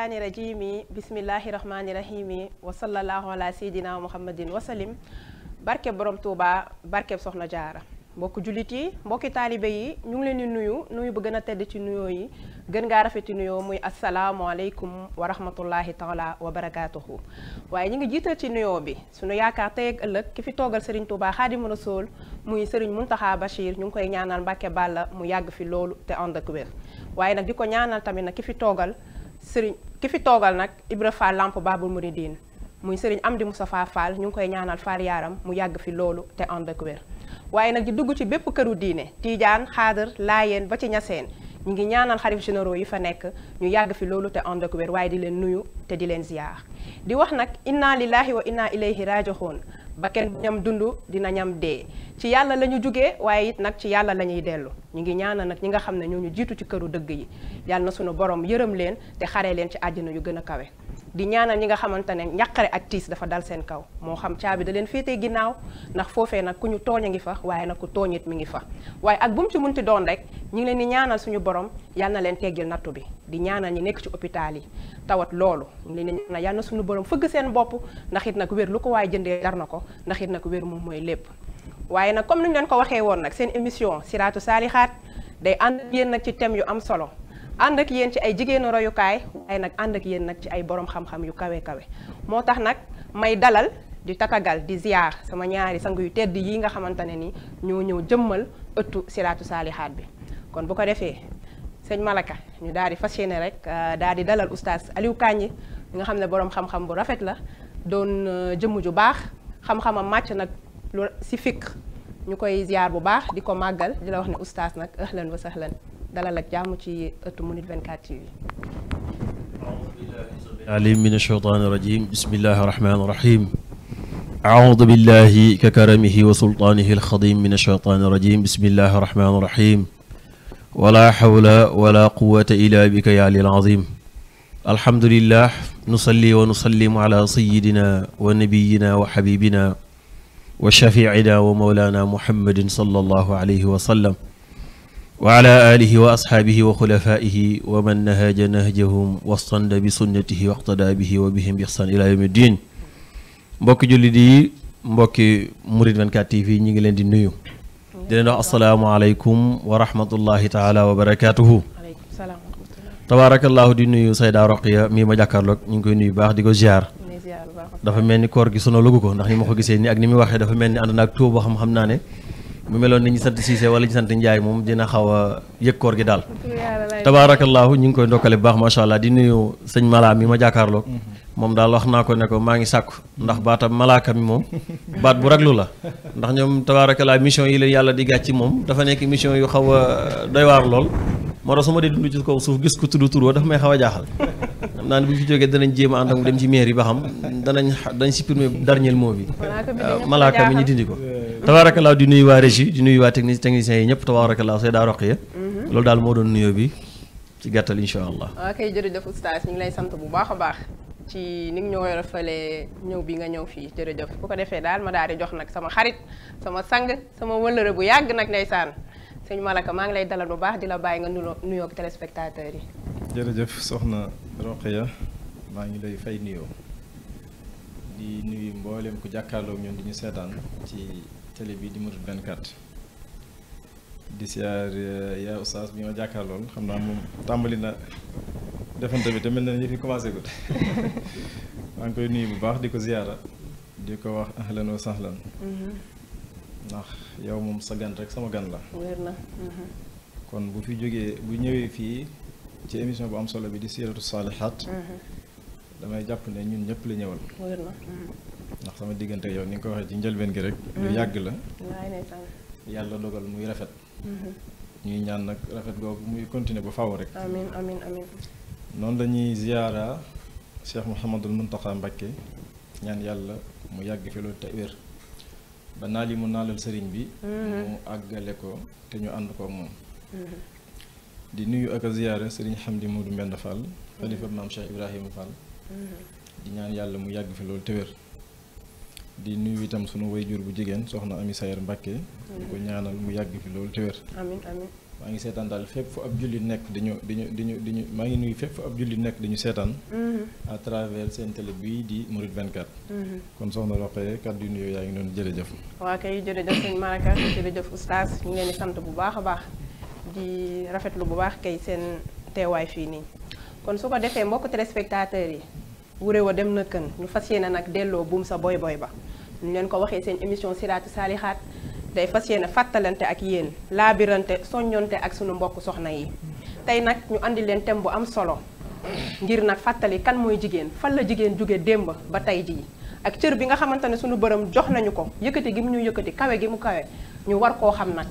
الشيطان الرجيم بسم الله الرحمن الرحيم وصلى الله على سيدنا محمد وسلم barke borom Touba barke soxna jaara mbokki jullit yi mbokki taalibe yi ñu ngi leen di nuyu nuyu bu gën a tedd ci nuyoo yi gën ngaa rafeti nuyoo muy asalaamualeykum wa rahmatullahi taala wa barakaatuhu waaye ñu ngi jiital ci nuyoo bi sunu yaakaar tey ak ëllëg ki fi toogal Serigne Touba Xaadimu Rasuul muy Serigne Mountakha Bachir ñu ngi koy ñaanal Mbàkke Bàlla mu yàgg fi loolu te ànd ak wér waaye nag di ko ñaanal tamit nag ki fi toogal Serigne ki fi toogal nag Ibra Fall Lamp Babul Mouridine muy sëriñ Amdi Moustapha Fall ñu ngi koy ñaanal Fall yaaram mu yàgg fi loolu te ànd ak waaye nag di dugg ci bépp këru diine Tiijaan Xaadar Laayeen ba ci ñaseen ñu ngi ñaanal xalif généraux yi fa nekk ñu yàgg fi loolu te ànd ak waaye di leen nuyu te di leen ziyaar di wax nag inna lillahi wa inna ilayhi raji'un ba kenn ñam dund dina ñam dee ci yàlla la ñu jugee waaye it nag ci yàlla la ñuy dellu ñu ngi ñaana nag ñi nga xam ne ñoo ñu jiitu ci këru dëgg yi yàlla na sunu borom yërëm leen te xaree leen ci àjjana yu gën a kawe di ñaanal ñi nga xamante ne njàqare ak tiis dafa dal seen kaw moo xam caabi da leen féetee ginnaaw ndax foofee nag ku ñu tooñ a ngi fa waaye nag ku tooñit mi ngi fa waaye ak bu mu ci munti doon rek ñu ngi leen di ñaanal suñu borom yal na leen teggil bi di ñaanal ñi nekk ci hôpital yi tawat loolu leen di ñaanal yal na suñu borom fëgg seen bopp ndax it nag wér lu ko waaye jëndee jar na ko ndax it nag wér moom mooy lépp waaye nag comme ni ñu ko waxee woon nag seen émission siraatu saalixaat day ànd yéen nag ci thème yu am solo ànd ak yéen ci ay jigéenu royukaay waaye nag ànd ak yéen nag ci ay borom xam-xam yu kawe kawe moo tax nag may dalal di tatagal di ziar sama ñaari sang yu tedd yi nga xamante ne ni ñoo ñëw jëmmal ëttu siraatu saalixaat bi kon bu ko defee sëñ Malaka ñu daal di fas yéene rek euh, daal di dalal oustaz Aliou Kandji nga xam ne boroom xam-xam bu rafet la doon euh, jëmm ju baax xam a màcc nag lu si fikk ñu koy ziar bu baax di ko màggal di la wax ne oustaz nag ahlan wa sahlan dalal ak jàmm ci 24 TV. alim min rajim rahim أعوذ بالله ككرمه وسلطانه الخضيم من الشيطان الرجيم بسم الله الرحمن الرحيم ولا حول ولا قوة إلا بك يا علي العظيم الحمد لله نصلي ونسلم على سيدنا ونبينا وحبيبنا وشفيعنا ومولانا محمد صلى الله عليه وسلم وعلى آله وأصحابه وخلفائه ومن نهج نهجهم واصطند بسنته واقتدى به وبهم بإحسان إلى يوم الدين مبوكي جلدي مبوكي مريد من كاتي في نيغي لين دي نويو السلام عليكم ورحمه الله تعالى وبركاته تبارك الله دي نويو سيدا رقيا مي ما جاكارلوك نيغي نويو باخ ديكو زيار دا فا ملني كور غي سونو لوغوكو نخ ني مخو غيسيني اك ني مي واخي دا فا mu meloon ni ñu sant Cissé wala ñu sant Ndiaye moom dina xaw a yëg koor gi daal. tabaarakallaahu ñu ngi koy ndokkale bu baax macha allah di nuyu sëñ Mala mi ma jàkkaarloog. Mm-hmm. moom daal wax naa ko ne ko maa ngi sàkk ndax baatam malaaka mi moom baat bu rag lu la ndax ñoom tabaarakallaa mission yi leen yàlla di ci moom dafa nekk mission yu xaw a doy waar lool. moo tax su ma dee dund ci suuf gis ko tudd turoo dafa may xaw a jaaxal xam naa ne bu fi jógee danañ jéem a ànd ak dem ci mairie xam danañ danañ supprimer dernier mot bi. malaaka mi ñu ko tabarakallah di nuyu wa régie di nuyu wa technique techniciens yi ñep tabarakallah say da roq ya loolu daal moo doon nuyu bi ci gàttal insha allah ok jërëjëf oustaz ñi ngi lay sant bu baaxa baax ci ni ñu ñoo rafalee ñew bi nga ñëw fii jërëjëf bu ko defee dal ma daari jox nak sama xarit sama sang sama wëlëre bu yag nak ndaysan sëñ Malaka ma ngi lay dalal bu baax dila bay nga nuyu nuyoo ak téléspectateur yi jërëjëf soxna Roqeya ma ngi lay fay nuyu di nuyu mbollem ku jàkkaarloog ñun di ñu sétane ci télé bi di Mouride 24 di siyaar eh, yaa oustaz bi ma jàkkaar lool xam naa moom tàmbali na defante bi te mel na ñu fi commencé gut maa ngi koy nuyu bu baax di ko ziyaara di ko wax ahlan wa sahlan mhm. ndax yow moom sa gan rek sama gan la mhm. kon bu fi jógee bu ñëwee fii ci émission bu am solo bi di siiratu saalihaat mhm. damay jàpp ne ñun ñëpp la ñëwal ndax sama diggante yow ni nga ko waxee ci njëlbeen gi rek. lu mm-hmm. yàgg la. yàlla dogal muy rafet. Mm-hmm. ñuy ñaan nag rafet googu muy continuer bu faaw rek. amiin amiin amiin. noonu la ñuy ziyaara Cheikh Mouhamadul Mountakha Mbacké ñaan yàlla mu yàgg fi loolu te wér ba naal yi mu naalal sëriñ bi. Mm-hmm. mu àggale ko te ñu ànd ko moom. di nuyu ak a ziyaara sëriñ Hamdi Modou Mbend Fall. xalifa maam Cheikh Ibrahima Fall. di ñaan yàlla mu yàgg fi loolu te wér. di nuyu itam sunu wayjur bu jigéen soxna Ami Sayer Mbacke. di ko ñaanal mu yàgg fi loolu te wér. amiin amiin ngi seetaan daal fépp fu ab julli nekk diñu diñu diñu diñu maa ngi nuyu fépp fu ab julli nekk diñu seetaan. Mm-hmm. à travers di Mouride 24. Mm-hmm. kon soxna Roqe kàddu yu nuyoo yaa ngi doon jërëjëf. kay jërëjëf sëñ Maraka jërëjëf oustaz ñu ngi leen di bu baax baax di rafetlu bu baax kay seen teewaay fii nii. kon su ko defee mbokk yi. dem na kën ñu buum sa boy boy ba. ñu leen ko waxee seen émission siraatu saalihaat day fas yéene fàttalante ak yéen laabirante soññonte ak sunu mbokk soxna yi tey nag ñu indi leen thème bu am solo ngir nag fàttali kan mooy jigéen fan la jigéen jóge démb ba tey jii ak cër bi nga xamante ne sunu bërëm jox nañu ko yëkkati gi mu ñu yëkkati kawe gi mu kawe ñu war koo xam nag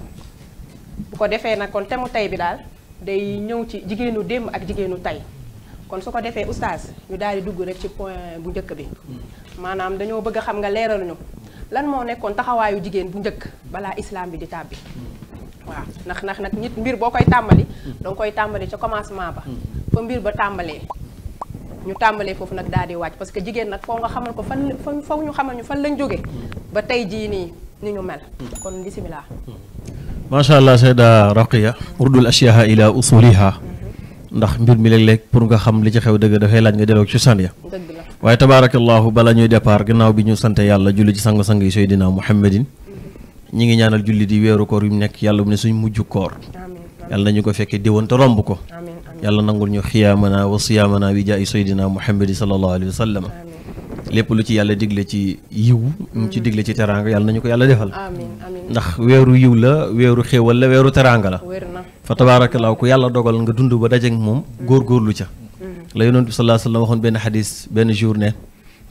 bu ko defee nag kon thème mu tey bi daal day ñëw ci jigéenu démb ak jigéenu tey kon su ko defee oustaz ñu daal di dugg rek ci point bu njëkk bi maanaam dañoo bëgg a xam nga leeral leeraluñu lan moo nekkoon taxawaayu jigéen bu njëkk balaa islam bi di tàbbi waaw ndax ndax nag nit mbir boo koy tàmbali danga koy tàmbali ca commencement ba fa mbir ba tàmbalee ñu tàmbalee foofu nag daal di wàcc parce que jigéen nag foo nga xamal ko fan fan faw ñu xamal ñu fan lañ jóge ba tey jii nii ni ñu mel kon bisimilah. macha allah sayda raqiya urdul ashiyaha ila usuliha ndax mbir mi léeg-léeg pour nga xam li ci xew dëgg dafay laaj nga delloo ci cosaan ya waaye tabaarakallaahu bala ñuy départ gannaaw bi ñu sante yàlla julli ci sang-sang yi Seydina Muhammadin ñi ngi ñaanal julli di weeru koor yu nekk yàlla mu ne suñ mujj koor yàlla ñu ko fekkee déwén te romb ko yàlla nangul ñu xiyaamana wa siyaamana bi jaayi Seydina Muhammadin sallallahu alayhi wa sallam lépp lu ci yàlla digle ci yiw mu ci digle ci teraanga yàlla nañu ko yàlla defal ndax weeru yiw la weeru xéewal la weeru la fa tabaarakallaahu ku yàlla dogal nga dund ba dajeeg moom góorgóorlu ca la yonent bi sallallahu alayhi wasallam waxoon benn xadis benn journée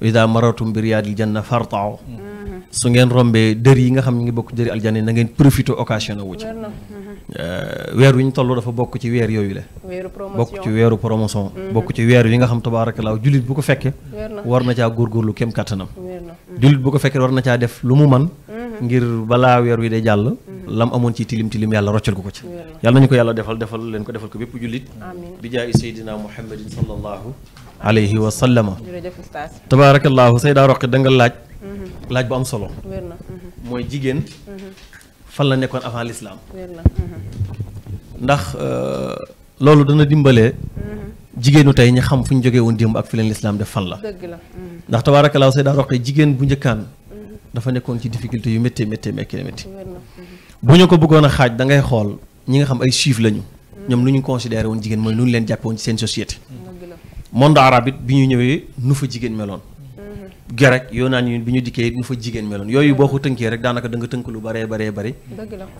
ida maratum bi riyaadil janna fartaaw su ngeen rombee dër yi nga xam ne ngi bokk dëri aljanna na ngeen profité occasion wu ci euh, weer wi ñu toll dafa bokk ci weer yooyu la bokk ci weeru promotion mhm. bokk ci weer yi nga xam tabaarakallaahu jullit bu ko fekke war na caa góorgóorlu kem kàttanam jullit bu ko fekke war na caa def lu mu man mhm. ngir balaa weer wi de jàll lam amoon ci tilim tilim yàlla roccal ko ko ci yàlla nañu ko yàlla defal defal leen ko defal ko bépp jullit bi jaay seydina muhammadin sallallahu alayhi wa sallama tabaarakallaahu sayda roqi da nga laaj mhm. laaj bu am mhm. jigéen mhm. fan la nekkoon avant l'islam ndax euh, loolu dana dimbalee jigéenu tey ñi xam fu ñu jógee woon démb ak fi leen lislaam def fan la roqi jigéen bu njëkkaan dafa nekkoon ci difficulté yu métti métti métti métti bu ñu ko bëggoon a xaaj dangay xool ñi nga xam ay chiffres lañu ñoom lu ñu considéré woon jigéen mooy lu ñu leen jàppe woon ci seen bi ñu ñëwee nu fa jigéen meloon mhm. grec yoonaan yi bi ñu dikkee nu fa jigéen meloon yooyu boo ko tënkee rek daanaka da nga tënk lu baree baree bari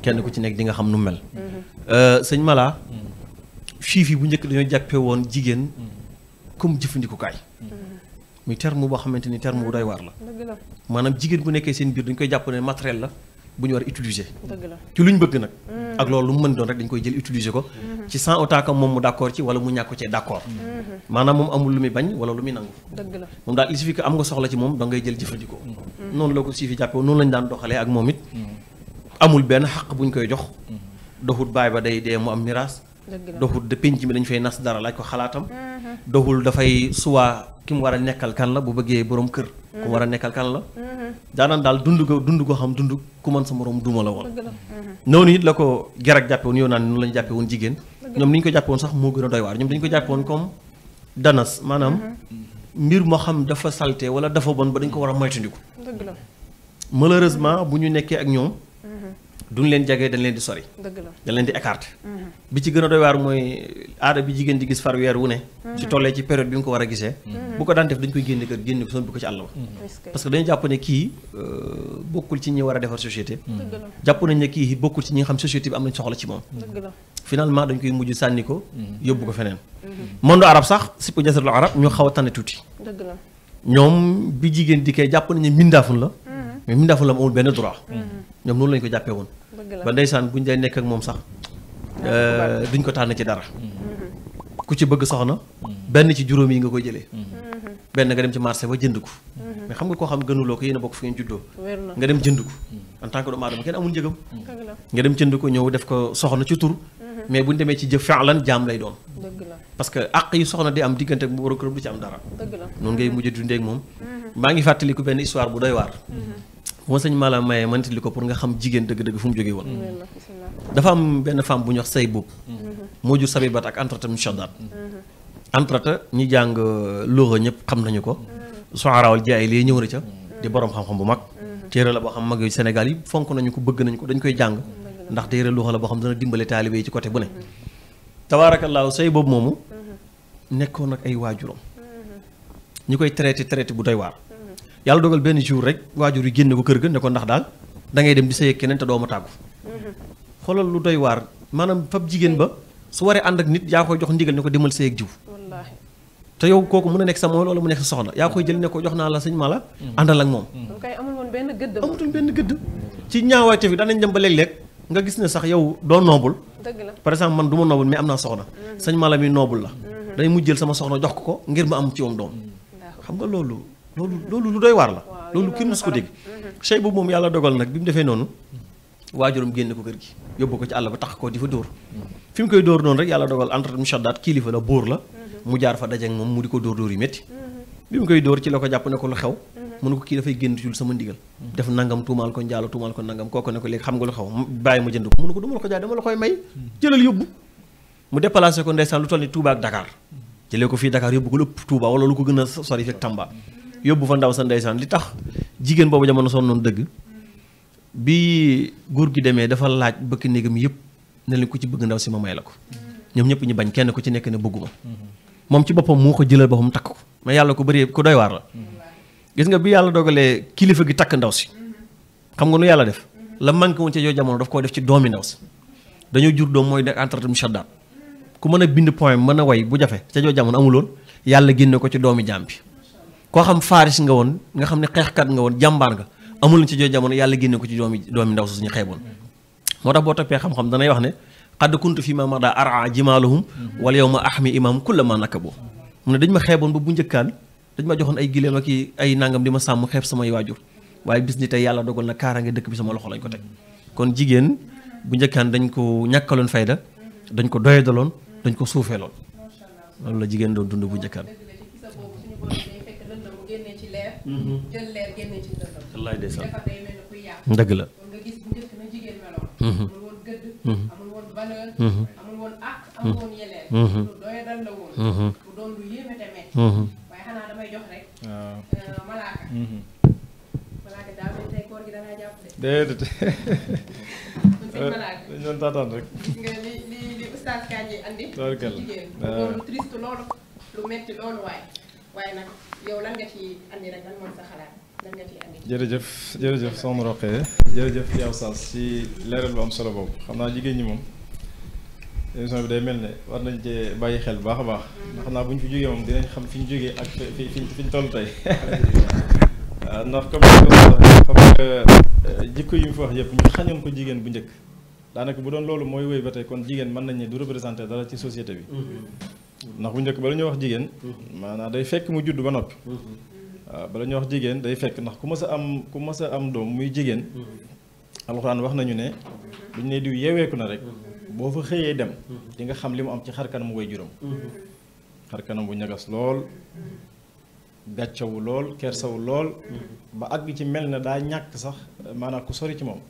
kenn ku ci nekk di nga xam nu mel mhm. euh, sëñ Mala chiffres bu njëkk dañoo jàppe woon jigéen comme jëfandikukaay mhm. muy terme boo xamante ni terme bu doy waar la. maanaam jigéen bu nekkee seen biir dañ koy jàpp ne matériel la bu ñu war a utiliser. ci luñ bëgg nag. Mm. ak loolu lu mu mën doon rek dañ koy jël utiliser ko. Mm-hmm. ci sans autant que moom mu d' ci wala mu ñàkk cee d' mm-hmm. maanaam moom amul lu muy bañ wala lu muy nangu. moom daal il am nga soxla ci moom da jël jëfandikoo. Mm-hmm. noonu la ko suivi jàppee noonu lañ daan doxalee ak moom it. amul benn xaq ba day doxul de penc mi dañ fay nas dara laaj ko xalaatam mm-hmm. doxul dafay suwaa ki mu war a nekkal kan la bu bëggee boroom kër ku war a mm-hmm. nekkal kan la mm-hmm. daanaan daal dund ko dund ko xam dund ku mën sa morom duma la woon noonu it la ko gerek jàppe woon yow naan noonu la jàppe woon jigéen ñoom ni ko jàppe woon sax moo gën a doy waar ñoom dañu ko jàppe woon comme danas maanaam mbir moo xam dafa salte wala dafa bon ba dañ ko war a moytandiku malheureusement bu ñu nekkee ak ñoom duñ leen jege dañ leen di sori. dëgg leen di écarter. Mhm. bi ci gën a doy waar mooy aada bi jigéen di gis far weer wu ne. ci mhm. tollee ci période bi mu ko war a gisee. Mhm. bu ko daan def dañ koy génne kër génne ko bu ko ci àll ba. parce que dañu jàpp kii euh, bokkul ci ñi war a defar société. jàpp nañ ne kii bokkul ci ñi nga xam société bi am nañ soxla ci moom. finalement dañ koy mujj sànni ko. yóbbu ko feneen. monde arab sax sipp jasirul arab ñu xaw a tane tuuti. ñoom bi jigéen di dikkee jàpp nañu mbindaafun la mais mi dafa la amul benn droit. Mm. ñoom noonu lañu ko jàppee woon. ba ndeysaan buñ day nekk ak moom sax euh, duñ ko tànn ci dara. Mm-hmm. ku ci bëgg soxna. Mm-hmm. benn ci juróom yi nga koy jëlee. Mm-hmm. benn nga dem ci marché ba jënd ko. mais xam nga koo xam gënuloo ko yéen bokk fi ngeen juddoo. nga dem jënd ko. en tant que doomu nga dem jënd ko ñëw def ko soxna ci tur. mais bu ñu demee ci jëf lan jaam lay doon. parce que àq yi soxna di am diggante ak borom këram bu ci am dara. noonu ngay mujj dundee ak moom. maa ngi fàttaliku benn histoire bu doy waar. bu ma sëñ Maala maye ma nettali ko pour nga xam jigéen dëgg-dëgg fu mu jógee woon. dafa am benn femme bu ñuy wax say boobu. Mhm. moo jur sabibat ak antrata mushaddat. Mhm. antrata ñi jàng euh, loxo ñëpp xam nañu ko. Mhm. soxarawal jaay lii ñëw na ca. di borom xam bu mag. téere la boo xam mag yu Sénégal yi fonk nañu ko bëgg nañu ko dañ koy jàng. ndax téere loxo la boo xam dana dimbale taalibe yi ci côté bu ne. tabaarakallaahu say boobu moomu. nekkoon ak ay waajuram. ñu koy traité traité bu doy waar. yalla dogal ben jour rek wajur yu genn ko keur ga ne ko ndax dal da ngay dem di sey kenen te doo ma tàggu mm-hmm. lu doy war manam fab jigen ba su waré and ak nit ya koy jox ndigal ne ko demal sey ak jiw te yow koku muna nek sa mo lolou mu nek sa soxna ya koy jël ne ko jox naa la sëñ ma la mm-hmm. àndal ak moom amutoon ben geud ci ñaawaay tamit danañ dem ba leg leg nga gis ne sax yow deug la par exemple man duma noble mais amna soxna mm-hmm. seigne mala mi noble la day mu sama soxna jox ko ngir ma am ci wam dom xam nga lolou loolu loolu lu doy waar la loolu kenn mus ko dégg sey boobu moom yàlla dogal nag bi mu defee noonu waajuram génn ko kër gi yóbbu ko ci àll ba tax koo di fa dóor fi mu koy dóor noonu rek yàlla dogal entre kilifa la bóor la mu jaar fa dajeeg moom mu di ko dóor dóor yu métti bi koy dóor ci la ko jàpp ne ko lu xew mu ne kii dafay génn ci sama ndigal def nangam tuumaal ko njaalo tuumaal ko nangam kooku ne ko léegi xam nga lu xew bàyyi ma jënd ko mu ne ko du ma la ko jaay dama la koy may jëlal ko ndeysaan lu toll ni Touba ak jëlee ko fii Dakar yóbbu ko lépp Touba wala lu ko gën a sori fekk Tamba yóbbu fa ndaw sa ndeysaan li tax jigéen boobu jamono sonnoon dëgg bi góor gi demee dafa laaj bëkk néegam yëpp ne leen ku ci bëgg ndaw si ma may la ko ñoom ñëpp ñu bañ kenn ku ci nekk ne bëgguma moom ci boppam moo ko jëlal mu takk ko mais yàlla ko bëree ko doy waar la gis nga bi yàlla dogalee kilifa gi takk ndaw si xam nga nu yàlla def la manqué woon ci yooyu jamono daf koo def ci doomi ndaw si dañoo jur doom mooy entretien shaddaat ku mën a bind point mën a way bu jafe ca joo jamono amuloon yàlla génne ko ci doomi jaam bi koo xam faaris nga woon nga xam ne xeexkat nga woon jàmbaar nga amul ci jooju jamono yàlla génne ko ci doomi doomi ndaw ñu xeeboon moo tax boo toppee xam-xam danay wax ne xadd kuntu fi ma mada ara jimaaluhum wala yow ma ahmi imam kulla ma naka boo mu ne dañ ma xeeboon ba bu njëkkaan dañ ma joxoon ay gileem ak ay nangam di ma sàmm xeeb samay waajur waaye bis ni tey yàlla dogal na kaaraange dëkk bi sama loxo lañ ko teg kon jigéen bu njëkkaan dañ ko ñàkkaloon fayda dañ ko doyadaloon dañ ko suufeeloon la jigéen doon dund bu njëkkaan Mm-hmm. jël dëgg la kon nga gis njëkk na jigéen meloon. Mm-hmm. amul woon gëdd. Mm-hmm. amul woon valeur. amul woon àq amul woon yeleel. lu doy waaye xanaa damay jox rek. waaw euh, malaaka. malaaka daa mel tey koor gi danaa jàpp de. déedéet. Euh, malaaka. dañu taataan rek. nga li li li oustaz Kandji andi. loolu euh. lu triste loolu. lu metti loolu waaye. waaye nag yow lan nga ci andi rek lan mooy sa xalaat lan nga ci andi. jërëjëf jërëjëf soxna Roqee jërëjëf yow Saas ci leeral bu am solo boobu xam naa jigéen ñi moom émission bi day mel ne war nañ cee bàyyi xel baax a baax ndax xam naa bu ñu fi jógee moom dinañ xam fi ñu jógee ak fi fi fi ñu toll tey ndax comme xam nga jikko yu mu fi wax yëpp ñu xañoon ko jigéen bu njëkk daanaka bu doon loolu mooy wéy ba tey kon jigéen mën nañ ne du représenté dara ci société bi ndax bu njëkk ba bala ñuy wax jigéen mhm. maanaa day fekk mu judd ba noppi waaw mhm. ah, bala ñuy wax jigéen day fekk ndax ku mas a am ku mas a am doom muy jigéen mhm. alxuraan wax nañu ne bu ñu ne diw yeweeku na rek boo fa xëyee dem di nga xam li mu am ci xar kanam way juróom xar kanam bu ñagas lool gàccawu lool kersawu lool ba àgg ci mel na daa ñàkk sax maanaam ku sori ci moom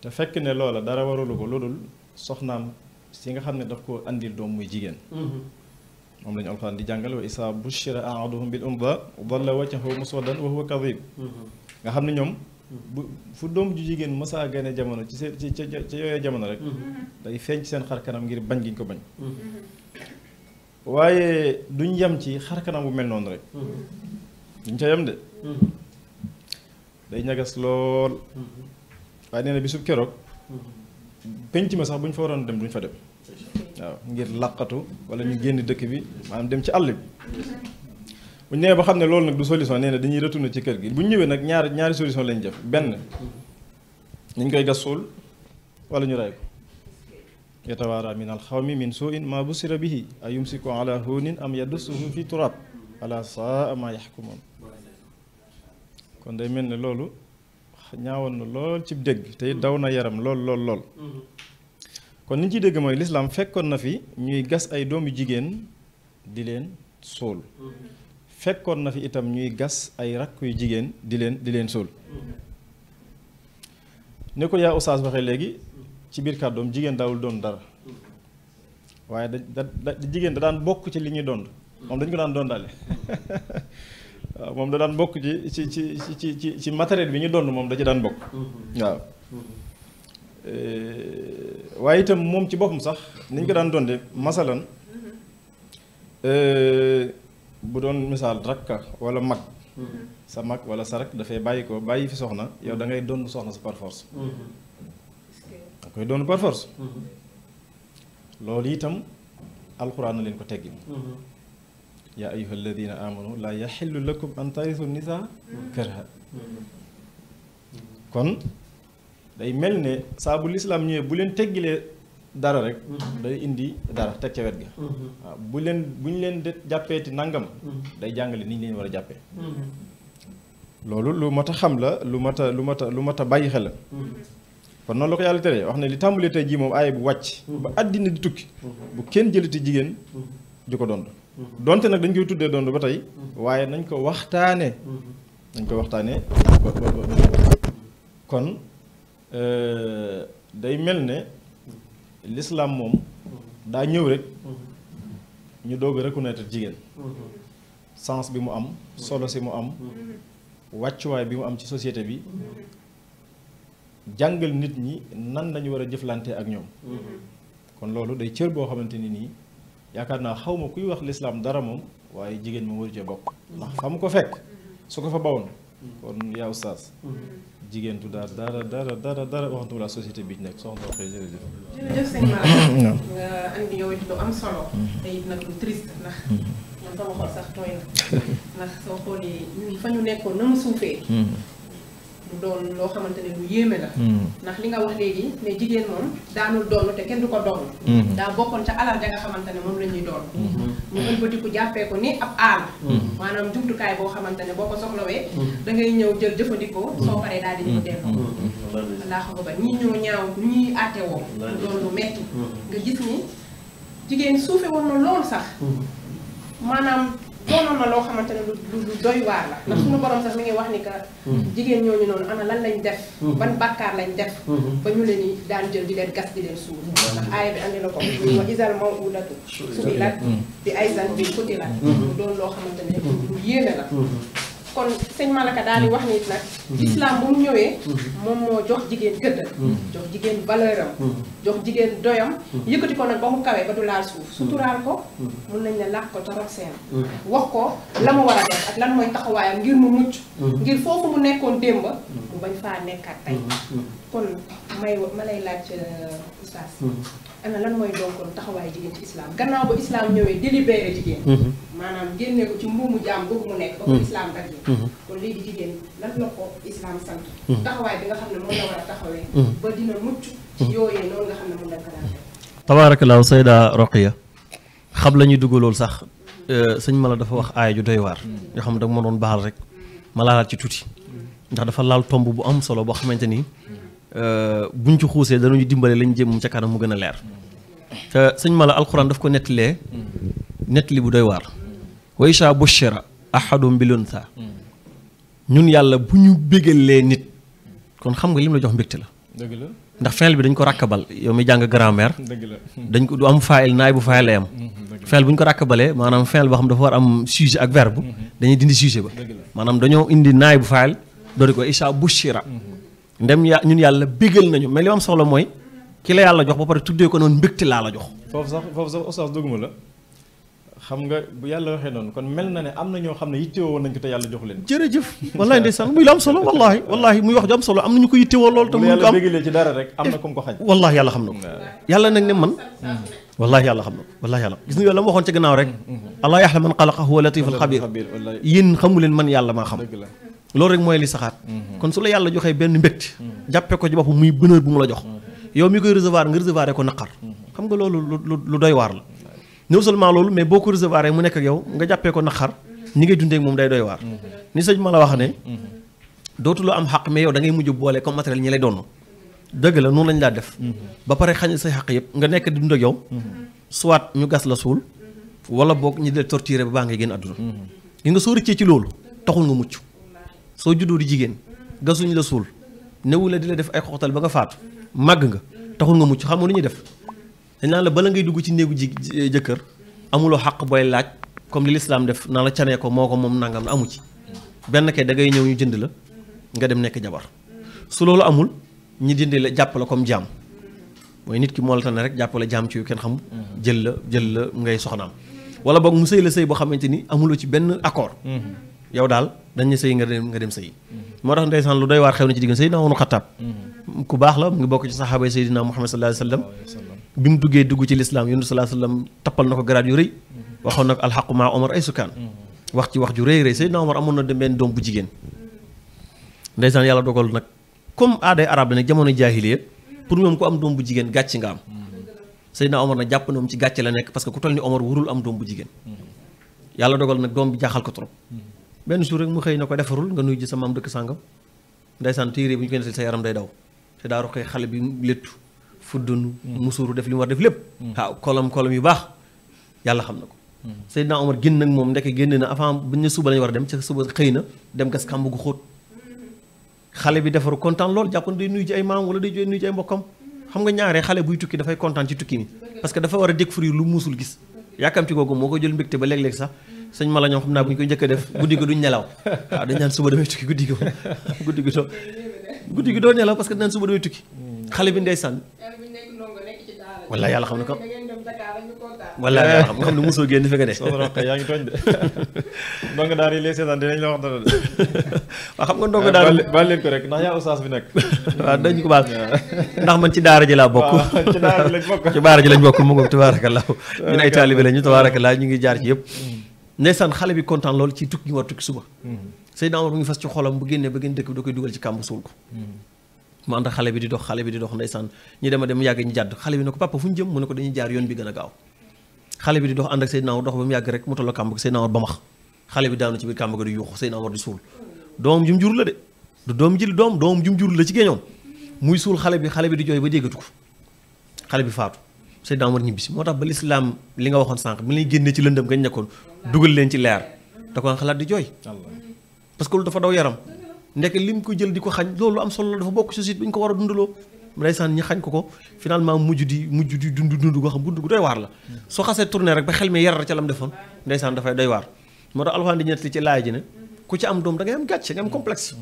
te fekk ne loola dara waralu ko lu dul soxnaam si nga xam ne daf ko andil doom muy jigéen mm-hmm. moom lañu alxuraan di jàngal wa isa bushira ahaduhum bil unsa dalla wajhuhu muswaddan wa huwa kadhib mm-hmm. nga xam ne ñoom mm-hmm. bu fu doom ju jigéen mësaa gane jamono ci seen ci ca yooyee jamono rek day feeñ ci seen xarkanam kanam ngir bañ giñ ko bañ waaye duñ yem ci xarkanam bu mel noonu rek duñ ca yem de day ñagas lool waaye nee na bisub keroog penc ma sax bu ñu fa waroon dem duñ fa dem waaw ngir làqatu wala ñu génn dëkk bi maanaam dem ci àll bi bu ñu nee ba xam ne loolu nag du solution nee na dañuy retourner ci kër gi bu ñu ñëwee nag ñaari ñaari solution lañ def benn ñu koy gas suul wala ñu ray ko yatawaara min alxawmi min suin ma busira bihi ay yumsiku ala hunin am yadussuhu fi turab ala saa ma kon day mel ne loolu ñaawoon na lool cib dégg te mm-hmm. daw na yaram lool lool lool mm-hmm. kon ni ñu ciy dégg mooy lislaam fekkoon na fi ñuy gas ay doomu jigéen di leen suul mm-hmm. fekkoon na fi itam ñuy gas ay rakk yu jigéen di leen di leen suul ne ko yaa oustaz waxee léegi ci biir kàddoom jigéen daawul doon dara waaye da da jigéen da daan bokk ci li ñuy dond moom dañ ko daan doon daale waaw moom da daan bokk ci ci ci ci ci ci matériel bi ñu doon moom da ci daan bokk. Mm-hmm. waaw. Mm-hmm. waaye itam moom ci boppam sax ni ñu ko daan donde masalan mm-hmm. eh, bu doon misaal rakka wala mag. sa mag wala sa dafay bàyyi ko bàyyi fi soxna yow da ngay doon soxna sa par force. koy doon par loolu itam alxuraan na leen ko teggi yaa ayuha alladina amanu laa yaxillu lakum an tarisu nisa karha kon day mel ni saabu lislaam ñëwee bu leen teggilee dara rek day indi dara teg ca wet ga waaw bu leen bu ñu leen de jàppeeti nangam day jàngale ni ñu leen war a jàppee loolu lu mat a xam la lu mat a lu ma a lu mat a bàyyi xel la kon noonu la ko yàlla tere wax ne li tàmbalee tey jii moom aaya bu wàcc ba àddina di tukki bu kenn jëlati jigéen di ko dond donte nag dañ koy tuddee dond ba tey waaye nañ ko waxtaanee dañ ko waxtaanee kon eh, day mel ne lislaam moom daa ñëw rek ñu doog a reconnaître jigéen sens bi mu am solo si mu am wàccuwaay bi mu am ci société bi jàngal nit ñi nan lañu war a jëflante ak ñoom kon loolu day cër boo xamante ni nii yaakaar naa xaw ma kuy wax lislaam dara moom waaye jigéen moom waru cee bokk fa mu ko fekk su ko fa bawoon kon yaa oustaz jigéen du daal dara dara dara waxantuma la société bi ci nekk soxna Roqe nga andi yow it lu am solo. Mm-hmm. te it nag lu triste ndax. Mm-hmm. man sama xol sax soo fa ñu nekkoon na suufee. Mm-hmm. du doon loo xamante ne lu yéeme la. Hmm. ndax li nga wax léegi ne jigéen moom daanul doon te kenn du ko doon. Hmm. daa bokkoon ca alal ja nga xamante moom la ñuy doon. ñu hmm. ëlbatiku jàppee ko ni ab aal. maanaam jumtukaay boo xamante ne boo ko soxlawee. da ngay ñëw jël jëfandikoo. soo paree daal di ñuy delloo. alaahu akbar ñi ñoo ñaaw ñi àtte woo. loolu lu metti nga gis ni jigéen suufe woon na lool sax. maanaam. doonoon na loo xamante ne lu lu doy waar la ndax suñu borom sax mi ngi wax ni que jigéen ñooñu noonu ana lan lañ def hmm. ban bàkkaar lañ def hmm. ba ñu leen i daan jël di leen gas di leen suur hmm. ndax aaya bi andi na ko wa isal mawudatu subilat bi aysan bi kuti la doon loo xamante ne lu yéeme la kon sëñ Malaka daal di wax nit nag mm-hmm. islam bu mu ñëwee mm-hmm. moom moo jox jigéen gëdd mm-hmm. jox jigéen valeur am jox jigéen doyam yëkkati ko nag ba mu kawee ba du laal suuf suturaal ko mun nañ ne làkk ko ca rox wax ko la mu war a def ak lan mooy taxawaayam ngir mu mucc ngir foofu mu nekkoon démb mu bañ faa nekkaat tey kon may ma lay laaj euh, ustaas ana lan mooy doon taxawaay jigéen ci islam gannaaw ba islam ñëwee délibéré jigéen. Mhm. maanaam génne ci mbuumu jaam boobu mu nekk. ba ko mhm. islam daj mhm. kon léegi jigéen lan la ko islam sant. taxawaay bi nga xam ne moom la war a taxawee. ba dina mucc. ci yooyee noonu nga xam ne moom lañ ko daan def. tabaarakallaahu sayda xam la dugg loolu sax euh, sëñ Mala dafa wax aaya ju doy waar yoo xam ne da ma doon baal rek ma laalaat ci tuuti ndax dafa laal bu am solo boo xamante ni. Euh, buñ ci xuusee danañu dimbale lañ jëm ca kanam mu gën a leer sañ sëñ Mala alxuraan daf ko nettalee nettali bu doy waar wa isha bushira ahadum bil untha ñun yàlla bu ñu bégalee nit kon xam nga lim la jox mbégte la dëgg la ndax feel bi dañ ko ràkkabal yow mi jàng grammaire dëgg la dañ ko du am faayil naay bu faayil lay am mm-hmm, feel bu ñu ko ràkkabalee maanaam feel boo xam dafa war am sujet ak verbe mm-hmm. dañuy dindi sujet ba maanaam dañoo indi naay bu faayil doori ko isha ndem ya ñun yàlla bigel nañu mais li am solo moy ki la yàlla jox ba pare tuddé ko non mbégte la la jox. fofu sax fofu sax oustaz dëgguma la xam nga bu yàlla waxé non kon mel na ne am na ño xamné yitté yittewoo nañ ko te yàlla jox leen. jërëjëf wallahi ndeysaan muy lu am solo wallahi wallahi muy wax jam solo am na ñu ko yittewoo lool. te mu ngi ko am bu ci dara rek am na kum ko xañ. wallahi yàlla xamna ko yàlla nak ne man. wallahi yàlla xamna na ko wallaahi yàlla gis nga yàlla ma waxoon ca gannaaw rek. allah yahlam man qalaqahu wa latif alxabir yéen xamu leen man yàlla ma xam loolu rek mooy li saxaat mhm. kon su la yàlla joxee benn mbégte mhm. jàppee ko ci boppam muy bonheur bu mu la jox mhm. yow mi koy recevoir nga recevoir ko naqar xam nga loolu lu doy waar la non seulement loolu mais boo ko recevoir mu nekk ak yow nga jàppee ko naqar ni ngay dundee moom day doy waar ni sëñ ma la wax ne dootuloo am xaq mais yow da ngay mujj boole comme matériel ñi lay doon dëgg la noonu lañ laa def ba pare xañ say xaq yëpp nga nekk di dund yow soit ñu gas la suul wala boog ñi dee torturé ba nga soo rëccee ci loolu taxul nga soo juddoo di jigéen gasuñu la suul newu la di la def ay xoxtal ba nga faatu màgg nga taxul nga mucc xam nga lu ñuy def dañ la bala ngay dugg ci néegu ji jëkkër amuloo xaq booy laaj comme li lislaam def naa la canee ko moo ko moom nangam amu ci benn kay da ngay ñëw ñu jënd la nga dem nekk jabar su loolu amul ñu dindi la jàpp la comme jaam mooy nit ki moo la tane rek jàpp la jaam ci yu kenn xamul mm-hmm. jël la jël la ngay soxnaam wala boog mu sëy la sëy boo xamante ni amuloo ci benn accord mm-hmm. yow daal dañ ñu sëy nga dem nga dem sëy moo tax ndeysaan lu doy waar xew na ci diggante Seydina Umar Xattaab ku baax la mu ngi bokk ci saxaaba Seydina Muhammad sallallahu alayhi wasallam bi mu duggee dugg ci lislaam Yunus sallallahu alayhi wasallam tappal na ko garaat yu rëy waxoon na ko alxaqu maa Omar ay sukaan wax ci wax ju rëy rëy Seydina Omar amoon na dem benn doom bu jigéen ndeysaan yàlla dogal nag comme aaday arab la nag jamono jaahiliya pour ñoom ku am doom bu jigéen gàcce nga am Seydina Omar nag jàpp na ci gàcce la nekk parce que ku toll ni Omar am doom bu jigéen yàlla dogal nag doom jaaxal ko trop benn jour rek mu xëy na ko defarul nga nuy ji sa maam dëkk sàngam ndeysaan téere bu ñu koy nettali sa yaram day daw te daa roqee xale bi léttu fuddanu mm. musuru def li mu war def lépp mm. waaw kolam kolam yu baax yàlla xam na ko mm. Seydina Omar génn nag moom ndeke génn na avant bu suba lañu war a dem ci suba xëy na dem gas kàmb gu xóot xale bi defaru kontaan lool jàpp na day ji ay maam wala day joy ji ay mbokkam xam nga ñaaree xale buy tukki dafay kontaan ci tukki mi parce que dafa war a découvrir lu musul gis yàkkamti googu moo ko jël mbégte ba léeg-léeg sax sëñ Mala ñoom xam naa bu ñu ko jëkk def guddi gi duñ nelaw waaw ah, dañ naan suba damay tukki guddi gi guddi gi doo guddi gi doo nelaw parce que dañ naan suba damay tukki xale bi ndey ndeysaan wallaay yàlla xam ne ko wallaay yàlla xam nga xam ne mosoo génn fekk de yaa ngi tooñ de ndongo daara yi lay seetaan dinañ la wax dara de waaw xam nga ndongo eh, daara baal leen ko rek ndax yaa oustaz bi nekk waaw dañ ko baal ndax man ci daara ji laa bokk ci daara ji lañ bokk mu ngoog tabaarakallaa ñun ay taalibe lañu tabaarakallaa ñu ngi jaar ci yëpp mm. ndeysaan xale bi kontaan lool ci tukki ñu war tukki suba. Mhm. Seydina Omar mu fas ci xolam bu génnee ba génn dëkk bi da koy dugal ci kàmb suul ko. Mhm. mu ànd xale bi di dox xale bi di dox ndeysaan ñu dem a dem yàgg ñu jàdd xale bi ne ko papa fu ñu jëm mu ne ko dañuy jaar yoon bi gën a gaaw xale bi di dox ànd ak Seydina Omar dox ba mu yàgg rek mu tolloo kàmb Seydina Omar ba max xale bi daanu ci biir kàmb ga di yuuxu Seydina Omar di suul doomam jum jur la de du doom jil doom doomam jum jur la ci géñoom muy suul xale bi xale bi di jooy ba déggatu ko xale bi faatu Seydina Omar ñibbisi moo tax ba l'islam li nga waxon sank mi lay génnee ci lëndëm gën nekkoon duggal leen ci lèr da ko xalaat di joy parce que lu dafa daw yaram nek lim ko jël di xagn lolu am solo dafa bokk ci site buñ ko wara dundulo ndaysan ñi xagn ko ko finalement muju di muju di dund dund go xam dund gu doy war la so xasse tourner rek ba xel mi yarar lam defoon da fay doy war motax tax di ci laaji ne ku ci am doom da ngay am gatch nga am complexe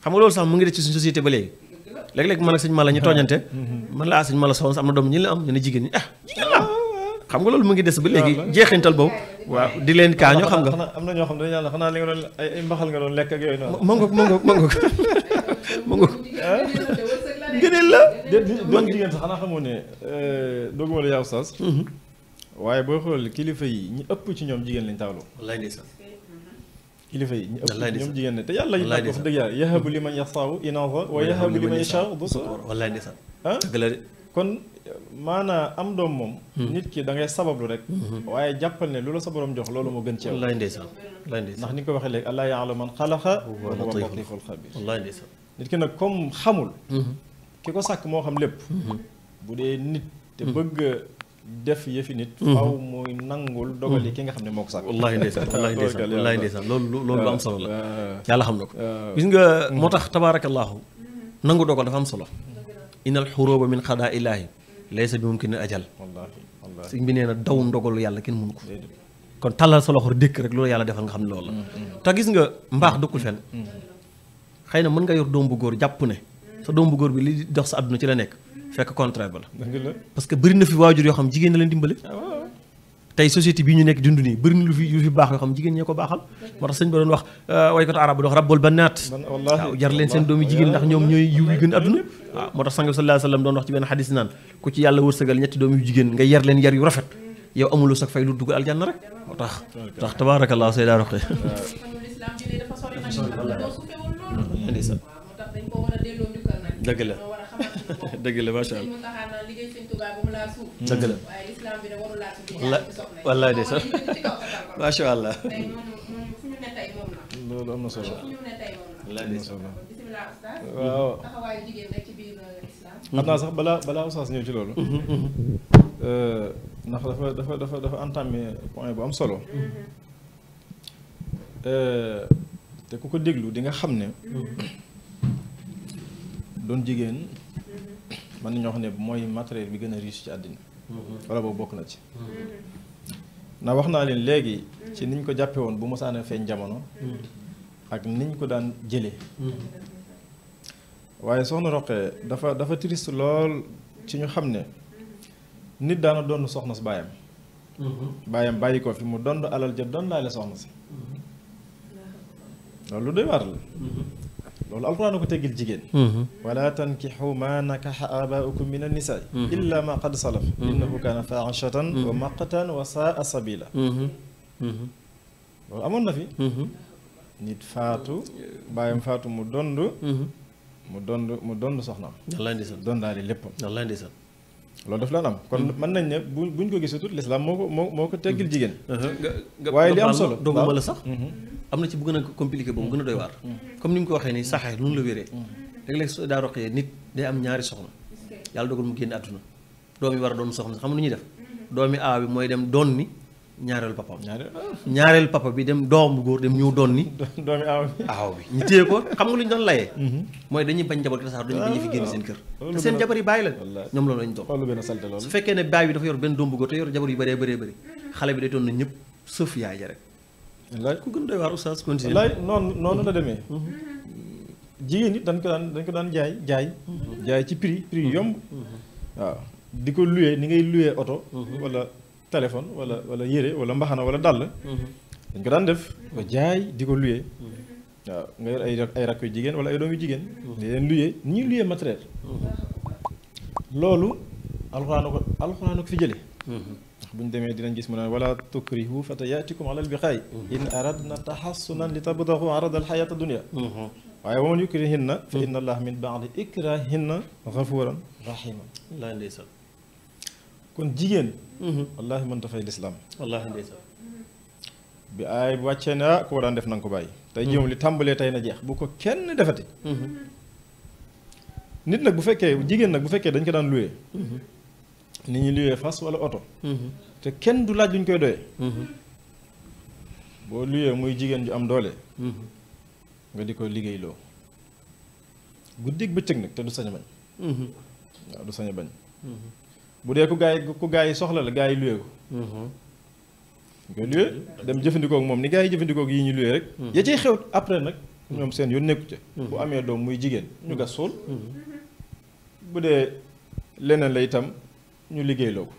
xam nga lolu sax mu ngi ci société ba légui léeg-léeg man ak sëñ Mala ñu tooñante mhm. man la ah sëñ Mala soxna am na doom ñi la am ñu ne jigéen ñi ah, ah jigéen la xam nga loolu mu ngi des ba léegi jeexintal boobu waaw di leen kaa ñoo xam nga am na ñoo xam dañu naan xanaa li nga doon ay mbaxal nga doon lekk ak yooyu noonu ma ngoog ma ngoog ma ngoog ah? ma ngoog jigéen sax xanaa xamoo ne euh, dogguma la yaa oustaz mhm. waaye boo xool kilifa yi ñu ëpp ci ñoom jigéen lañ tawloo wallaay kilifa yi ñu ëpp ñoom jigéen ñi te yàlla yi nag wax dëgg yàlla yahabu li man yasaawu inaasa wa yahabu li man yasaaw du sukur wallaay ndeysaan ah kon maanaa am doom moom nit ki da ngay sabablu rek waaye jàppal ne lu la sa borom jox loolu moo gën ci yow wallaay ndeysaan wallaay ndeysaan ndax ni ko waxee léegi allah yaalamu man xalaqa wa huwa latiful xabir wallaay ndeysaan nit ki nag comme xamul ki ko sàkk moo xam lépp bu dee nit te bëgg def yëfi nit. Mhm. faaw nangul dogal yi mhm. ki nga xam ne moo ko sàkk. wallaahi ndeysaan wallaahi ndeysaan wallaahi ndeysaan loolu loolu lu am solo la. yàlla xam na ko. gis nga mhm. moo tax tabaarakallaahu nangu dogal dafa am solo. inal xuróoba min xadaa ilaahi laysa bi mumkin ajal. sëñ bi nee na daw ndogalu yàlla kenn mënu ko. kon tàllal sa loxo dëkk rek loolu yàlla defal nga xam ne loolu la. te gis nga mbaax dëkkul fenn. xëy na mën nga yor doom bu góor jàpp ne. sa doom bu góor bi li dox sa àdduna la nekk fekk contraire ba la. parce que bëri na fi waajur yoo xam jigéen na leen dimbale. Ah, tey société bii ñu nekk dund nii bëri na lu fi lu fi baax yoo xam jigéen ñee ko baaxal. moo tax sëñ ba doon wax euh, waykatu arab ba doon wax rabbul banaat. waaw jar leen seen doomi jigéen ndax ñoom ñooy yiw yi gën àdduna. waaw moo tax sang bi sallallahu alayhi wasallam doon wax ci benn xadis naan ku ci yàlla wërsëgal ñetti doom yu jigéen nga yar leen yar yu rafet yow amuloo sax fay lu dugg aljanna rek la. dëgg la macha allah. dëgg la. wallaay de sax macha allah. loolu am na solo. waaw. Euh, xam naa sax balaa balaa Oustaz ñëw ci loolu. Hmm. Euh, ndax dafa dafa dafa dafa entamé point bu am solo. Hmm. Euh, te ku ko déglu dinga xam ne. Hmm. doon jigéen. mën nañu wax ne mooy matériel bi gën a riis ci àddina mhm. wala boobu bokk na ci mhm. na wax naa leen léegi mhm. ci niñ ko jàppe woon bu mosaana feeñ jamono ak niñ ko daan jëlee waaye soxna roqee dafa dafa triste lool ci ñu xam ne nit daana doon soxna si baayam baayam bàyyi ko fi mu dond alal ja dondaale soxna si loolu lu waar la لول القران كو تيغي الجيجين ولا تنكحوا ما نكح اباؤكم من النساء الا ما قد سلف انه كان فاحشه ومقتا وساء سبيلا لول امون نافي نيت فاتو بايم فاتو مو دوندو مو دوندو مو دوندو سخنا الله يندي سن دوندالي ليبم الله يندي سن loolu daf daan am kon hmm. mën nañ ne bu buñ ko gisatul lislaam moo ko moo moo ko teggil hmm. jigéen uh-huh. waaye li am solo dogguma la sax mm-hmm. am na ci bu na a compliqué boobu mm-hmm. gën a doy waar mm-hmm. comme ni mu ko waxee ni saxee lu nu la wéree léeg-léeg daa roqee nit day am ñaari soxna yàlla dogal mu génn àdduna doom yi war a doon soxna xam nu ñuy def doomi aaw bi mooy dem doon ni ñaareel papaam. ñaareel papa bi dem doom bu góor dem ñëw doon ni. doomi aaw bi aaw bi ñu téye ko xam nga lu ñu doon layee. Mm-hmm. mooy dañuy bañ njaboot tasaar dañuy bañ fi génn seen kër. Ah, te seen jabar yi bàyyi lañ noonu la demee. Mm-hmm. jigéen it dañ ko daan jaay jaay. Mm-hmm. jaay ci prix prix yomb. waaw di ko loué ni ngay loué oto. téléphone wala wala yére wala mbaxana wala dal dañ ko daan def ba jaay di ko luyee. waaw nga yor ay ay rakk yu jigéen wala ay doomu yu jigéen. di leen ni ñuy luyee matériel. loolu alquran ko alquran ko fi jëlee. ndax bu ñu demee dinañ gis mu naan wala tukrihu fatayatikum ala bixaay. in aradna tahassunan litabdahu arad alhayat adunya dunia. waaye waman yukrihinna fa inna allah min baadi ikrahinna gafuran rahiman. kon jigéen mm-hmm. wallaahi mën dafay lislaam wallaahi ndeysaan bi ay wàccee ne ah ko daan def nanga ko bàyyi tey jëm li tàmbalee tey na jeex bu ko kenn defati mm-hmm. nit nag bu fekkee jigéen nag bu fekkee dañ ko daan luwee mm-hmm. nit ñi luwee fas wala oto te kenn du laaj luñ koy doyee boo luwee muy jigéen ju am doole nga di ko liggéey loo guddig bëccëg nag te du sañ bañ waaw du sañ bañ bu dee ku gaa yi ku gaa yi soxla la gaa yi luwee ko. ñu mhm. koy dem jëfandikoo moom ni gaa yi jëfandikoo ak yi ñu luwee rek. Mhm. ya cay xew après nag. ñoom seen yoon nekku ca. Mhm. bu amee doom muy jigéen ñu gas suul. bu dee leneen la itam ñu liggéey loo ko.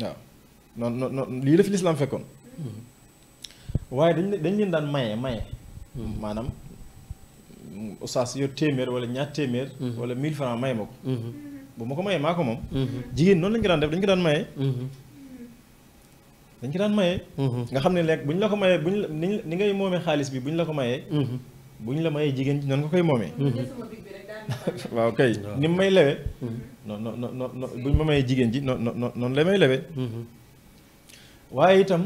waaw non non non lii def fi lislaam fekkoon. waaye dañ dañ leen daan maye maye. maanaam oustaz yo téeméer wala ñaar téeméer. wala 1000 francs may ma ko. bu ma ko mayee maa ko moom. Mm-hmm. jigéen noonu lañ ko daan def dañ ko daan maye. Mm-hmm. dañ ko daan maye. Mm-hmm. nga xam ne léegi bu ñu la ko mayee bu ñu la ni ngay moomee xaalis bi bu la ko mayee. la mayee jigéen noonu nga koy moomee. waaw may lewe. non ma mayee jigéen ji non non noonu la may lewe. waaye itam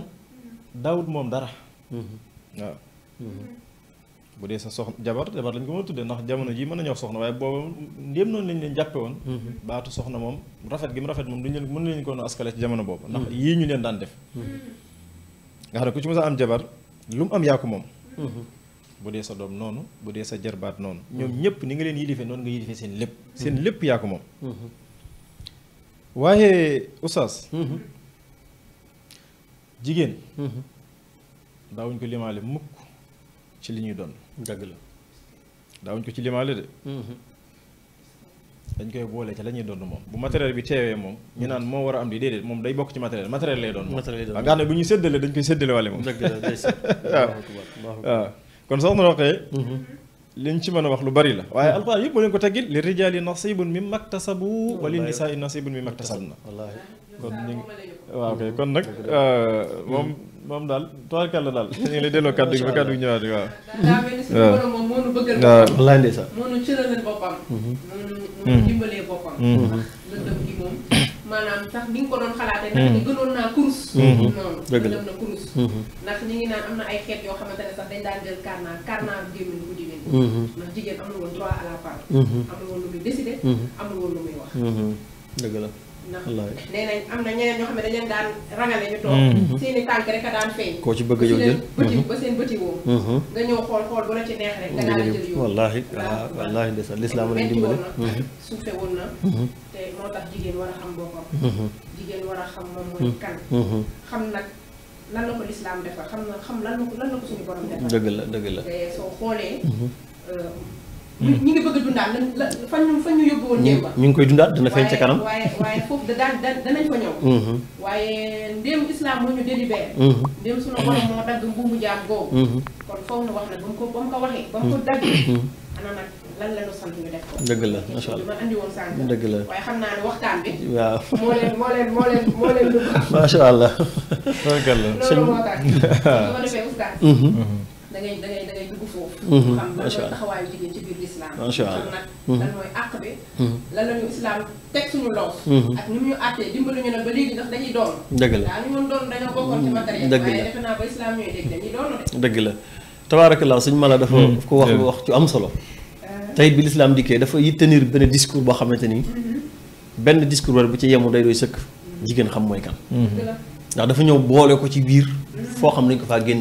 daawut moom dara. waaw. bu dee sa soxna jabar jabar lañ ko mën a tuddee ndax jamono ji mën nañu wax soxna waaye booba ndéem noonu lañ leen jàppe woon mhm. baatu soxna moom rafet gi mu rafet moom lu leen mën leen ko askale ci jamono boobu ndax mhm. yii ñu leen daan def mhm. nga xam ne ku ci mos a am jabar lu mu am yaa ko moom bu dee sa doom noonu bu dee sa jarbaat noonu ñoom ñëpp ni nga leen yilifee noonu nga yilifee seen lépp seen lépp yaa ko moom waaye oustaz jigéen daawuñ ko limaale mukk ci li ñuy doon dëgg la daawuñ ko ci limaale de. Mhm. dañ koy boole ca la ñuy doon moom bu matériel bi teewee moom ñu naan moo war a am di déedéet moom day bokk ci matériel matériel lay doon moom nga xam ne bu ñuy séddale dañ koy séddale wale moom waaw waaw kon soxna Roqee mhm. liñ ci mën a wax lu bari la waaye mhm. alquran yëpp moo leen ko teggil li rijaali nasibun mi maktasabu wa li nisaai nasibun mi maktasab na kon ñu waaw kay kon nag euh, moom moom dal, tubaarkàlla daal ñu lay delloo kàddu gi ba kàddu gi waaw. daa mel ni suñu borom moom moo nu bëggal boppam. walaay ndeysaan moo nu cëralal boppam. moo nu dimbalee boppam. lëndëm gi moom maanaam sax ni ko doon xalaatee. ni gënoon naa kurs. noonu gënoon na kurus. ndax ñu ngi naan am ay xeet yoo xamante sax dañ daan jël carnat carnat gémmiñ bu jigéen. Mhm. ndax jigéen amul woon droit à la parole. Mhm. amul lu muy décider. Mhm. amul lu muy wax. dëgg la. nee am na ñeneen ñoo xam ne dañ daan rangale ñu toog mm-hmm. seen tànk rek a daan feeñ koo ci bëgg a yow bëti mm-hmm. ba seen bëti woo mm-hmm. nga ñëw xool xool bu la ci neex rek nga daal jël yow wallaahi ah, wallaahi ndeysaan lislaam lañ dimbale suufe woon na te moo tax jigéen war a xam boppam jigéen war a xam moom mooy kan xam nag lan la ko lislaam defal xam na xam lan la ko lan la ko suñu borom defal dëgg la dëgg la ñu ngi bëgg a fa ñu fa ñu yóbbu woon. ñu ngi koy dundaal dina feeñ ca kanam. waaye waaye foofu da daan danañ fa ñëw. Mm-hmm. waaye ndéem islam moo ñu délibéré. Mm-hmm. ndéem sunu borom moo dagg mu mm-hmm. mu ko mu dagg. la ñu allah ma andi la waaye moo leen moo leen moo leen moo da ngay da foofu. Mhm, xam mhm. lan mooy taxawaayu jigéen allah la mhm. dëgg la daal ñu doon doon dañoo bokkoon ci dafa. ko wax wax ci am solo. Euh. tey bi lislaam dikkee dafa tenir benn discours boo xamante ni. benn discours war bu ci yemu day doy jigéen xam mooy kan. ndax dafa ñëw boole ko ci biir foo xam nañ ko faa génn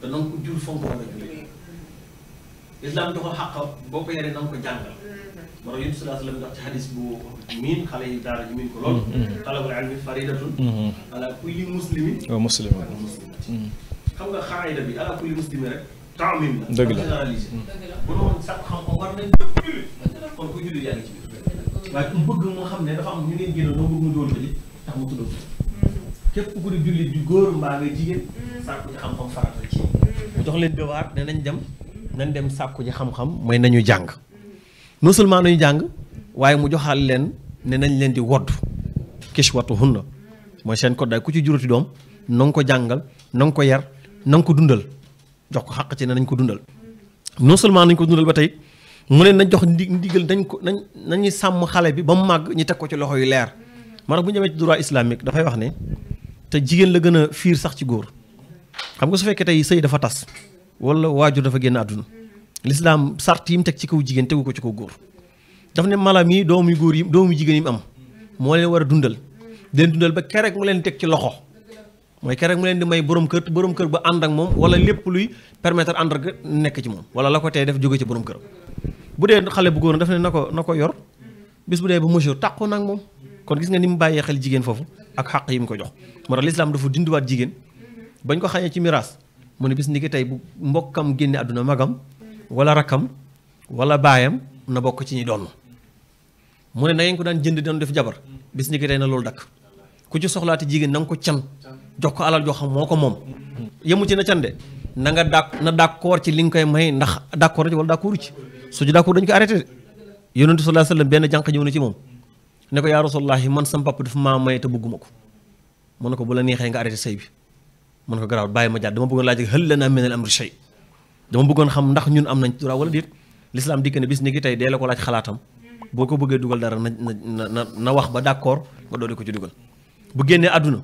te na ko jur fonk wala julli islam dafa xàq boo ko yaree na nga ko jàngal moo tax ci hadis bu miin xale yi daara ji miin ko lool mm-hmm. Mm-hmm. talabul ilmi faridatun mm-hmm. taamim la dëgg la généralisé noonu sàkk xam-xam war nañ dëgg julli bëgg moo xam ne dafa am ñu ngeen génn noo bëgg mu doon ko li tax mu tudd képp ku di jullit ju góor mbaa ngay jigéen mm. sàkku ji xam-xam mm. ne nañ dem nañ dem sàkku ji xam mooy nañu jàng non seulement nañu jàng waaye mu joxaal leen ne nañ leen di wodd kiswatu hunna mooy seen koddaay ku ci juróti doom na ko jàngal na ko yar na ko dundal jox ko xaq ci ne nañ ko dundal non seulement nañ ko dundal ba tey mu leen nañ jox ndi ndigal nañ ko nañ nañu sàmm xale bi ba mu màgg ñu teg ko ci loxo yu leer maanaam bu ñu demee ci droit islamique dafay wax ne te jigéen la gën a fiir sax ci góor xam nga su fekkee tey sëy dafa tas wala waajur dafa génn àdduna lislaam sart yi mu teg ci kaw jigéen tegu ko ci kaw góor daf ne malam yi doomu góor yi doomu jigéen yi mu am moo leen war a dundal leen dundal ba kerek mu leen teg ci loxo mooy kerek mu leen di may borom kër borom kër ba ànd ak moom wala lépp luy permettre ànd ak nekk ci moom wala la ko tey def jóge ci borom kër bu dee xale bu góor daf ne na ko na ko yor bis bu dee ba monsieur tàqu nag moom kon gis nga ni mu bàyyee xel jigéen foofu ak xàq yi mu ko jox moo tax lislaam dafa dindiwaat jigéen bañ ko xañee ci miraas mu ne bis ni ki tey bu mbokkam génne àdduna magam wala rakkam wala baayam na bokk ci ñi doon mu ne na ngeen ko daan jënd doon def jabar bis ni ki tey na loolu dakk ku ci soxlaati jigéen na nga ko can jox alal joo moo ko moom yemu ci na can de na nga dàq na d'accord ci li nga koy may ndax d'accord ci wala d'accordu ci su ci d'accord dañ ko arrêté de yonentu sallallahu alayhi wasallam benn jànq ñëw na ci moom ne ko yaa rasulallahi man sam papa dafa maa maye te bëgguma ko mu ne ko bu la neexee nga arrêté sëy bi mën ne ko garaaw bàyyi ma jàdd dama bëggoon laaj hal lanaa minal amri shay dama bëggoon xam ndax ñun am nañ droit wala déet lislaam dikk ne bis ni ki tey dee la ko laaj xalaatam boo ko bëggee dugal dara na na na wax ba d'accord nga doole ko ci dugal bu génnee àdduna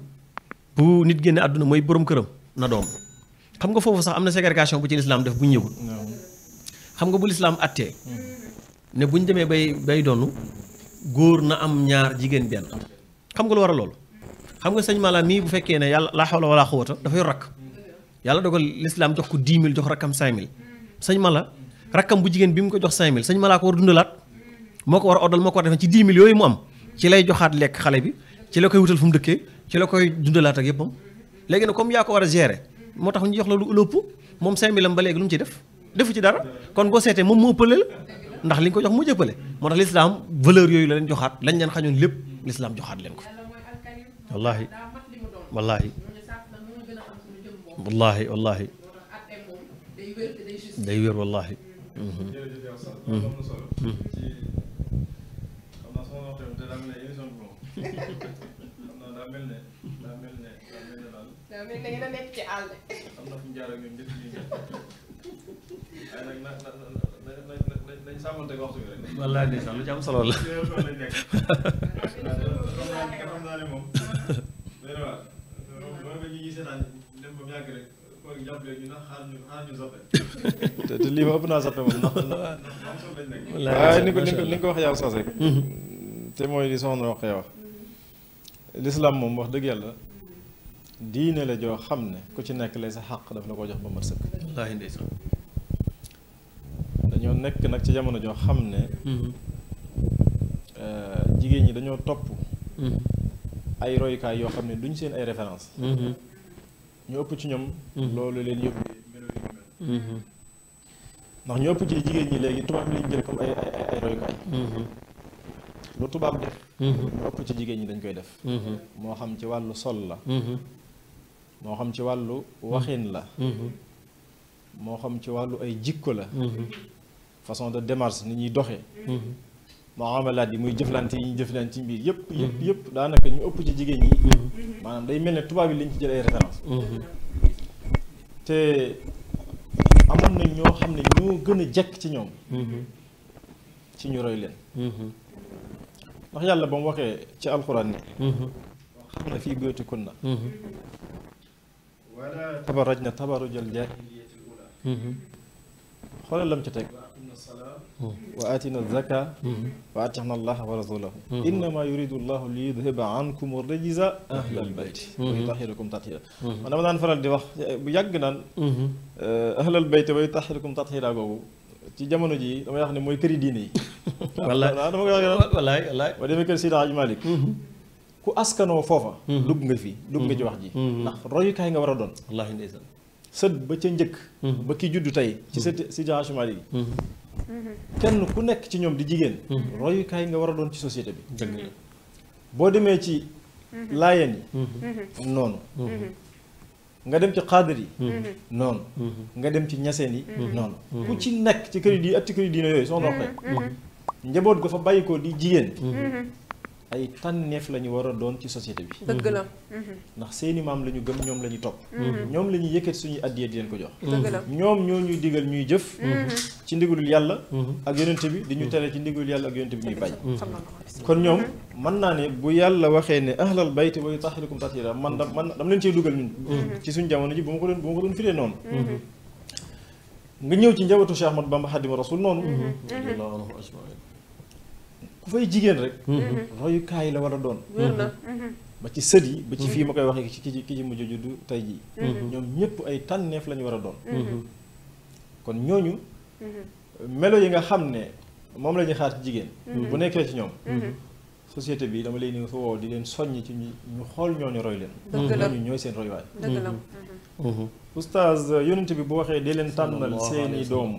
bu nit génnee àdduna mooy boroom këram na doom xam nga foofu sax am na ségrégation bu ci lislaam def bu ñu xam nga bu lislaam attee ne buñ demee bay bay donn góor na am ñaar jigéen benn xam nga lu war a loolu xam nga sëñ Mala mii bu fekkee ne yàlla laa xawla wala xuwata dafa yor rakk yàlla dogal lislaam jox ko 10 000 jox rakkam 5000 sëñ Mala rakkam bu jigéen bi mu ko jox 5000 sëñ Mala ko war dundalaat moo ko war a oddal moo ko war a def ci 10 000 yooyu mu am ci lay joxaat lekk xale bi ci la koy wutal fu mu dëkkee ci la koy dundalaat ak yëppam léegi nag comme yaa ko war a gérer moo tax ñu jox la lu ëpp moom 5000 am ba lu ci def defu ci dara la ndax li nga ko jox moo jëppale moo tax lislaam valeur yooyu la leen joxaat lañ leen xañoon lépp lislaam joxaat leen ko wallaahi wallaahi wallaahi wallaahi day wér wallaahi mhm. Mhm. wallaay ndeysaan lu ci am solo la. te te lii ma ëpp naa soppe moom ndax waaye ni ko ni ko wax yaa soos rek. te mooy li soxna wax lislaam moom wax dëgg yàlla. diine la joo xam ne ku ci nekk lay sa xàq daf la ko jox ba mat sëkk wallaahi ndeysaan dañoo nekk nag ci jamono joo xam ne mm-hmm. euh, jigéen ñi dañoo topp mm-hmm. ay royukaay yoo xam ne duñ seen ay référence mm-hmm. ñu ëpp ci ñoom loolu leen yóbbu ndax ñu ëpp ci jigéen ñi léegi tubaab lañu jël comme ay ay lu tubaab def ñu ëpp ci jigéen ñi dañ koy def moo xam ci wàllu sol la moo xam ci wàllu mm-hmm. waxin la mm-hmm. moo xam ci wàllu ay jikko la mm-hmm. façon de démarche ni ñuy doxee muamalaat yi muy jëflante yi ñu jëflante ci mbiir yëpp yëpp daanaka ñu ëpp ci jigéen ñi maanaam day mel ne tubaab yi lañ ci jël ay référence te amoon na ñoo xam ne ñoo gën a jekk ci ñoom ci ñu roy leen ndax yàlla ba mu waxee ci alxuraan ne xam na fii buyutikunna ولا تبرجنا تبرج الجاهلية الأولى xoolal lam ci teg wa atina zaka wa atixna allaha wa rasulahu innama yuridu llahu li yudhiba ankum rrijza ahla albayti wa yutahirakum tathira man dama daan faral di wax bu yàgg naan ahla albayti wa yutahirakum tathira googu ci jamono ji damay wax ne mooy këri diine yi walaay walaay walaay wa demee kër Seydi Hadji Malick ku askanoo foofa. Mhm. dugg nga fi dugg nga ci mhm. wax ji. Mhm. ndax royukaay nga war a doon. wallaahi ndeysaan sët ba ca njëkk. ba ki juddu tey ci sa si yi. kenn ku nekk ci ñoom di jigéen. royukaay nga war a doon ci société bi. dëgg boo demee ci laayeen yi. noonu. nga dem ci xaadir yi. noonu. nga dem ci ñaseen yi. noonu ku ci nekk ci kër yi ak ci kër yi diine yooyu soxna Roqe. njaboot ga fa bàyyi ko di jigéen. ay tànneef la ñu war a doon ci société bi. dëgg la. Mhm. ndax seeni maam la ñu gëm ñoom lañu ñu topp. Mhm. ñoom la ñuy yëkkat suñuy addiya di leen ko jox. dëgg mhm. ñoom ñoo ñuy digal ñuy jëf. ci ndigalul yàlla. ak yonent bi di ñu tere ci ndigalul yàlla ak yonent bi ñuy bàyyi. kon ñoom mën naa ne bu yàlla waxee ne ahlal bayti wa yutahhirukum tathira man da man dam leen cee dugal ñun. ci suñu jamono ji bu ma ko doon ko doon firee noonu. nga ñëw ci njabootu Cheikh Ahmadou Bamba Xaadimu Rasuul noonu. ku fay jigéen rek. Mm-hmm. Mm-hmm. royukaay la war a doon. Mm-hmm. ba ci sët yi ba ci fii ma koy waxee ci ki ci ki ci mujj juddu tey jii. ñoom ñëpp ay tànneef la war a doon. kon ñooñu. melo yi nga xam ne moom la ñuy xaar ci jigéen. bu nekkee ci ñoom. société bi dama leen di woo di leen soññ ci ñu xool ñooñu roy leen. dëgg ñooy seen royuwaay. dëgg la. Euh, bi bu waxee di leen tànnal seeni doom.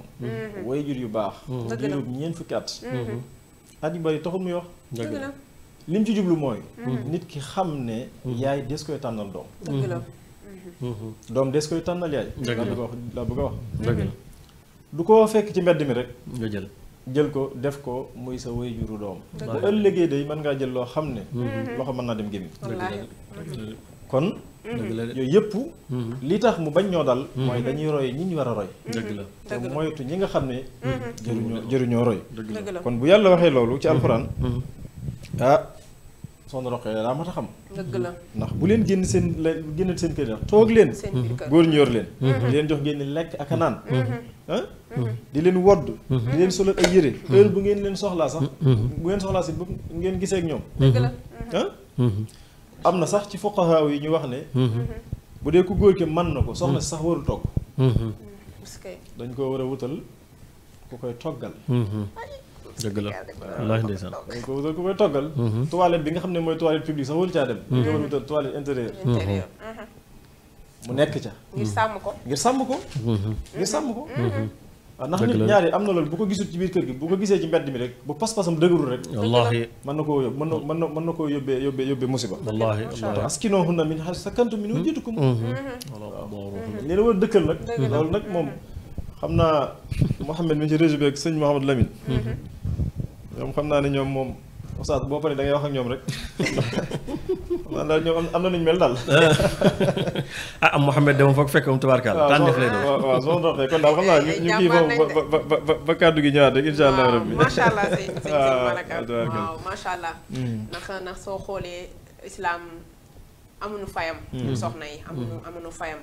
wayjur yu baax. dëgg la ñeent fukki at yu bëri taxul muy wax. dëgg ci jublu mooy. Mhm. nit ki xam ne. Mhm. yaay des koy tànnal doom. dëgg mhm. des koy tànnal yaay. dëgg la laa bëgg a wax du ko fekk ci mbedd mi rek. nga jël jël ko def ko muy sa wéyjuru doom. bu ëllëgee day mën ngaa jël loo xam ne. loxo mën naa dem gémmi. kon mm-hmm. dëgg la yooyu yëpp mm-hmm. li tax mu bañ ñoo dal moy mm-hmm. dañuy roy ñi ñu wara roy deug la te moytu ñi nga xam ne jëruñoo jëruñoo roy kon bu yalla waxe lolu ci alxuraan ah son roqee la ma taxam deug la ndax bu leen genn seen genn génn seen kër ya, toog leen góor ñu leen di leen jox genn lek ak a naan ah? di leen wodd di leen solo ay yére heure bu ngeen leen soxla sax bu ngeen soxla ci bu ngeen gisee ak ñom deug la ah? am na sax ci fuqahaa yi ñu wax ne bu dee ku góor ki man na ko soxna si sax warul togg dañ koo war a wutal ku koy toggal dëgg la wallaahi ndeysaan dañ ko wutal ku koy toggal mhm. toilette bi nga xam ne mooy toilette publique sax waru caa dem dañ ko war a mhm. wutal toilette intérieure mhm. mu nekk ca ngir sàmm ko ngir sàmm ko ngir sàmm ko waaw ah, ndax nit ñaari am na loolu bu ko gisul ci biir kër gi bu ko gisee ci mbedd mi rek bu pas-pasam dëgërul rek wallaahi na koo yób mën na mën na mën yóbbee yóbbee musiba wallaahi askinohunna hmm? hmm, hmm. a dëkkal nag loolu nag moom xam naa Mouhamed mi ci réseau bi ak sëñ Mouhamed Lamine ñoom xam naa ne ñoom moom oustaz boo paree da ngay wax ak ñoom rek wala ñoom am na nu ñu mel daal. ah am Mouhamed dama foog fekk moom tubaarkaal. waaw waaw waaw waaw soo doxee kon daal xam naa ñu kii foofu ba ba ba ba kàddu gi ñëwaat rek incha allah rabbi. macha allah sëñ sëñ Malaka waaw macha allah. ndax ndax soo xoolee islam amuñu fayam. soxna yi amuñu amuñu fayam.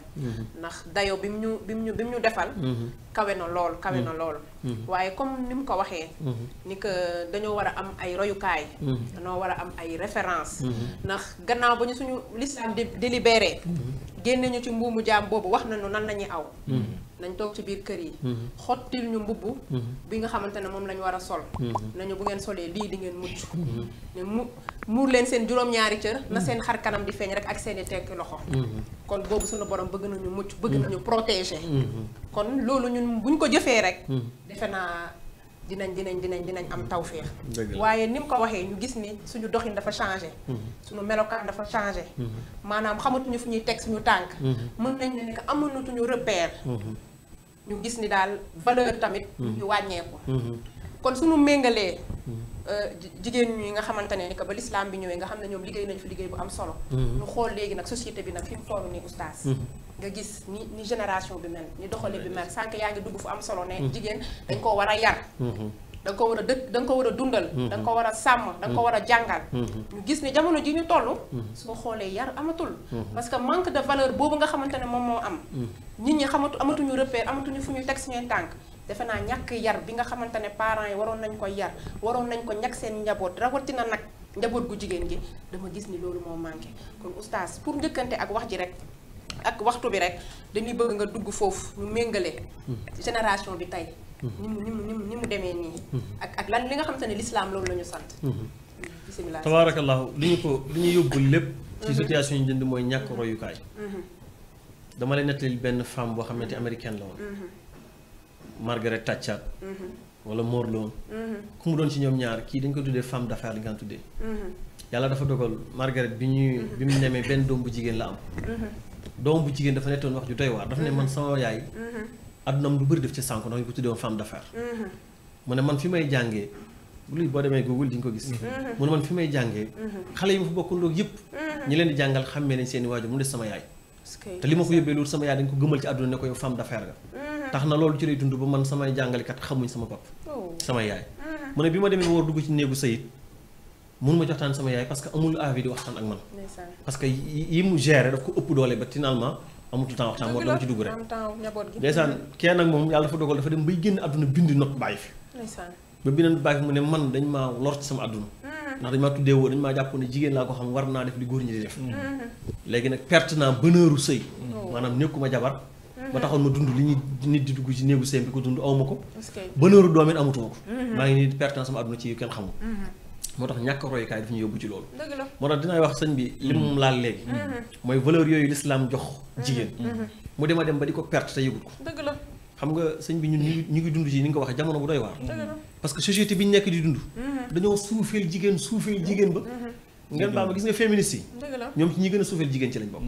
ndax dayo bi mu ñu bi mu ñu bi mu ñu defal. kawe na lool kawe na mm-hmm. lool. Mm-hmm. waaye comme ni mu ko waxee. Mm-hmm. ni que dañoo war a am ay royukaay. dañoo war a am ay référence ndax gannaaw ba ñu suñu lislaam di délibéré. génne ñu ci mbuumu jaam boobu wax nañu nan la ñuy aw. nañ toog ci biir kër yi. xottil ñu mbubb bi nga xamante ne moom la ñu war a sol. nañu bu ngeen solee lii di ngeen mucc. ne mu muur leen seen juróom-ñaari cër. na seen xar kanam di feeñ rek ak seeni i tekki loxo. kon boobu suñu borom bëgg nañu mucc. bëgg nañu protéger. ñun ñu ko jëfee rek. Hmm. defe naa dinañ dinañ dinañ dinañ am tawféex. waaye ni mu ko waxee ñu gis ni suñu doxin dafa changé. Hmm. suñu melokaan dafa changé. Hmm. maanaam xamatuñu fu ñuy teg suñu tànk. mën nañ ne ni que amatuñu repère. ñu gis ni daal valeur tamit. ñu wàññeeku. kon suñu méngalee. Euh, jigéen ñi nga xamante ne que ba lislaam bi ñëwee nga xam ne ñoom liggéey nañu fi liggéey bu am solo. Mm-hmm. ñu xool léegi nag société bi nag fi nu toll nii oustaz. Mm-hmm. nga gis ni ni génération bi mel ni doxale bi mel mm-hmm. sànq yaa ngi dugg fu am solo ne. jigéen dañ koo war a yar. da nga ko war a dëkk ko war a dundal. da ko war a sàmm da ko war a jàngal. gis ne jamono ji ñu toll. soo xoolee yar amatul. parce que manque de valeur boobu nga xamante ne moom moo am. nit ñi xamatu amatuñu repère amatuñu fu ñuy teg seen tànk. defe naa ñàkk yar bi nga xamante ne parents yi waroon nañ ko yar waroon nañ ko ñàkk seen njaboot rawatina nag njaboot gu jigéen gi dama gis ni loolu moo manqué kon oustaz pour njëkkante ak wax ji rek ak waxtu bi rek dañuy bëgg nga dugg foofu ñu méngale hmm. génération bi tey hmm. ni mu ni mu ni mu ni nii hmm. ak ak lan li nga xamante ne lislaam loolu la ñu sant bisimilah tabaarakallahu li ñu ko li ñu yóbbu lépp ci situation yi jënd mooy ñàkk royukaay dama lay nettali benn femme boo xamante américaine la woon Margaret Thatcher mm-hmm. wala Mor Loom mm-hmm. ku mu doon ci ñoom ñaar kii dañ ko tuddee femme d'affaires li nga tuddee mm-hmm. yàlla dafa dogal Margaret bi ñuy bi mu nemee benn doom bu jigéen la am doom bu jigéen dafa nekkoon wax ju doy waar dafa ne man sama yaay addunaam lu bëri def ci sànk ndax ñu ko tuddee woon femme d'affaires mu ne man fi may jàngee luy boo demee Google di nga ko gis mu ne man fi may jàngee xale yi ma fa bokkandoo yëpp ñi leen di jàngal xàmmee nañ seen i waajur mu des sama yaay te li ma ko yóbbee loolu sama yaay tax na loolu ci lay dund ba man jangali kat xamuñ sama bop oh. sama yaay ah. mu ne bi ma demee war ci neegu sëyit mun ma sama yaay parce que amul avis di waxtan ak man parce que yi mu géré daf ko upp doole ba finalement tout temps waxtan mo do ci dugg rek ndeysaan kenn nag mom yalla fa dogal dafa dem bay genn aduna bind not baye fi ba bineen baye fi mu ne man dañ ma lor ci sama aduna ah. ndax dañ ma tuddé wo dañ ma jàpp ne jigen la ko xam war naa def li gor ñi di def ah. légui nak pertinent bonheuru sëy oh. manam nekkuma jabar ba taxoon ma dund li ñu nit di dugg ci néegu sëy bi ko dund awma ko bonheuru doom it amatuma ko mhm. maa ngi nii perte sama àdduna ci yu kenn xamul mhm. moo tax ñàkk royukaay daf ñu yóbbu ci loolu moo tax dinaay wax sëñ bi li mu mhm. laal léegi mooy valeur yooyu l'islam jox jigéen mu dem a dem ba di ko perte te yëgut ko xam nga sëñ bi ñun ñu ngi dund ci ni nga ko waxee jamono bu doy waar parce que société bi ñu nekk di dund dañoo suufeel jigéen suufeel jigéen ba ngeen baal ma gis nga féministes yi ñoom ci ñi gën a suufeel jigéen ci lañ bokk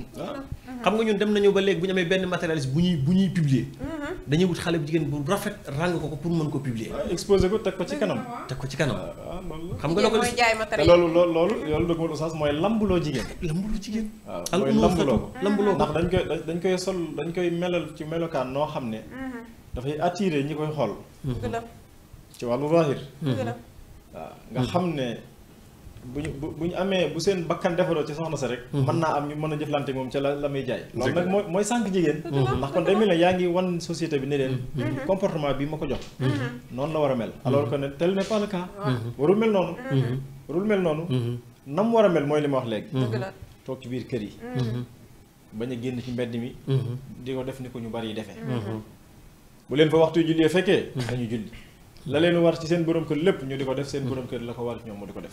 xam nga ñun dem nañu ba léegi bu ñu amee benn matérialiste bu ñuy bu ñuy publier. Mhm. dañuy wut xale bu jigéen bu rafet ràng ko ko pour mën ko publier. Ah, exposé ko teg ko ci kanam. teg ko ci kanam. Ah, ah, xam nga loolu te loolu loolu loolu loolu dëgg ma oustaz mooy lambuloo jigéen. lambuloo jigéen. waaw mooy lambuloo lambuloo ndax dañ koy dañ koy sol dañ koy melal ci melokaan noo xam ne. Mhm. dafay attire ñi koy xool. ci wàllu zahir. waaw nga xam ne. bu ñu bu bu ñu amee bu seen bakkan defaroo ci soxna sa rek mhm. mën naa am ñu mën a jëflante moom ca la la muy jaay loolu nag mooy mooy sànq jigéen ndax kon day mel ne yaa ngi wan société bi ne leen mhm. Mhm. comportement bi ma ko jox noonu la war a mel alors que ne tel n'est pas warul mel noonu warul mel noonu nam war a mel mooy li ma wax léegi toog ci biir kër yi bañ a génn ci mbedd mi di ko def ni ko ñu bari yi defee bu leen fa waxtu yu jullee fekkee dañu julli la leen war ci seen borom kër lépp ñu di ko def seen borom kër la ko war ci di ko def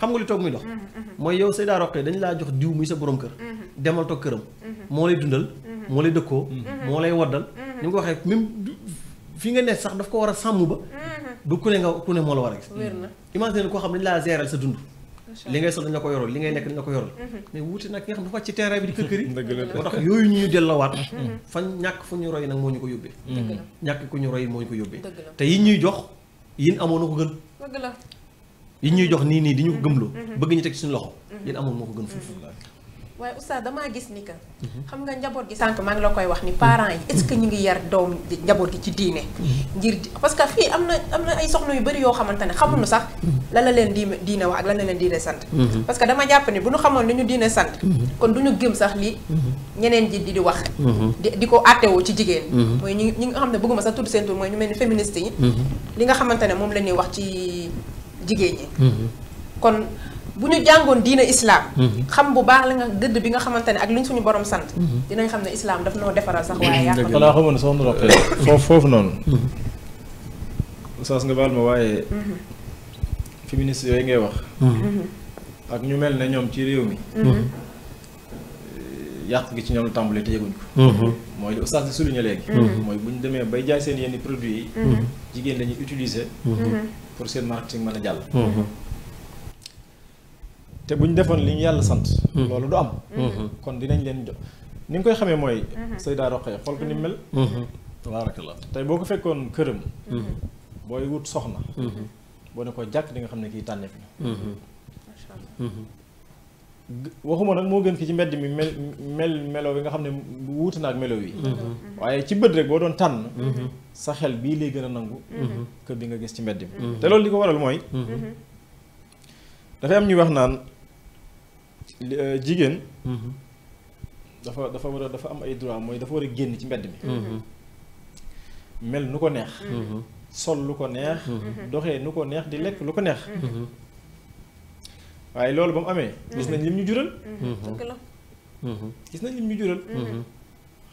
xam nga li toog muy dox mm-hmm, mm-hmm. mooy yow Seyda Roqe dañ laa jox diw muy sa borom kër mm-hmm. demal toog këram moo lay dundal moo lay dëkkoo moo lay waddal ni nga ko waxee même fi nga ne sax daf ko war a sàmm ba du ku ne nga ku ne moo la war a gis imagine koo xam dañ laa géral sa dund li ngay sol dañ la ko yoral li ngay nekk dañ la ko yoral mais wuute nag nga xam dafa ci terrain bi di kër kër yooyu ñuy dellowaat fa ñàkk fu ñu roy nag moo ñu ko yóbbee ñàkk ku ñu roy moo ñu ko yóbbee te yi ñuy jox yin amoon na ko gën yi ñuy jox ni ni di ñu ko mm-hmm. gëmloo mm-hmm. bëgg ñu teg suñu loxo mm-hmm. yeen amul moko ko gën foofu waaye oustad dama gis ni ka xam nga njabot gi sank ma ngi la koy wax ni parents yi est ce que ñu ngi yar doom njabot gi ci diine ngir parce que fi amna amna ay soxna yu bari yo xamantene ne xamuñu sax la la leen diine wax ak la leen diine sant parce que dama japp ni bu ñu ñu diine sant kon duñu gëm sax li ñeneen ji di di wax di di ko ci jigen moy ñi nga xamne bëgguma sax tuddu seen tur mooy ñu melni féministe yi li nga xamantene ne lañuy wax ci jigéen ñi. Mhm. kon bu ñu jàngoon diina islam. Mhm. xam bu baax la nga gëdd bi nga xamante ne ak luñ suñu borom sant. Mhm. dinañ xam ne islaam daf noo defaral sax waaye yàq. dëgg la xamoon soxna Roqe foofu foofu noonu. saas nga baal ma waaye. féministes yooyu ngay wax. ak ñu mel ne ñoom ci réew mi. Eh, yàq gi ci ñoom la tàmbalee te yëguñ ko. mooy li oustaz di souligné léegi. mooy bu ñu demee bay jaay seen yenn produits yi. jigéen la ñuy pour seen marketing mën a jàll. Mm-hmm. te bu ñu defoon li ñu yàlla sant. Mm-hmm. loolu du am. Mm-hmm. kon dinañ leen jox ni nga koy xamee mooy. Seyda Roqe xool ko ni mel. tabaarakallah tey boo ko fekkoon këram. booy wut soxna. boo ne ko jàkk di nga xam ne kii tànneef na. waxuma nag moo gën ki ci mbedd mi mel mel melo bi nga xam ne wuute na ak melo yi mm-hmm. Mm-hmm. waaye ci bët rek boo doon tànn mm-hmm. sa xel bii lay gën a nangu que bi nga gis ci mbedd mi te loolu li ko waral mooy dafay am ñuy wax naan euh, jigéen dafa dafa war a am ay droit mooy dafa war a génn ci mbedd mi mel nu ko neex sol lu ko neex doxee nu ko neex di lekk lu ko neex waaye loolu ba mu amee. gis nañ lim ñu jural. Mm-hmm. Mm-hmm. gis nañ lim ñu mm-hmm.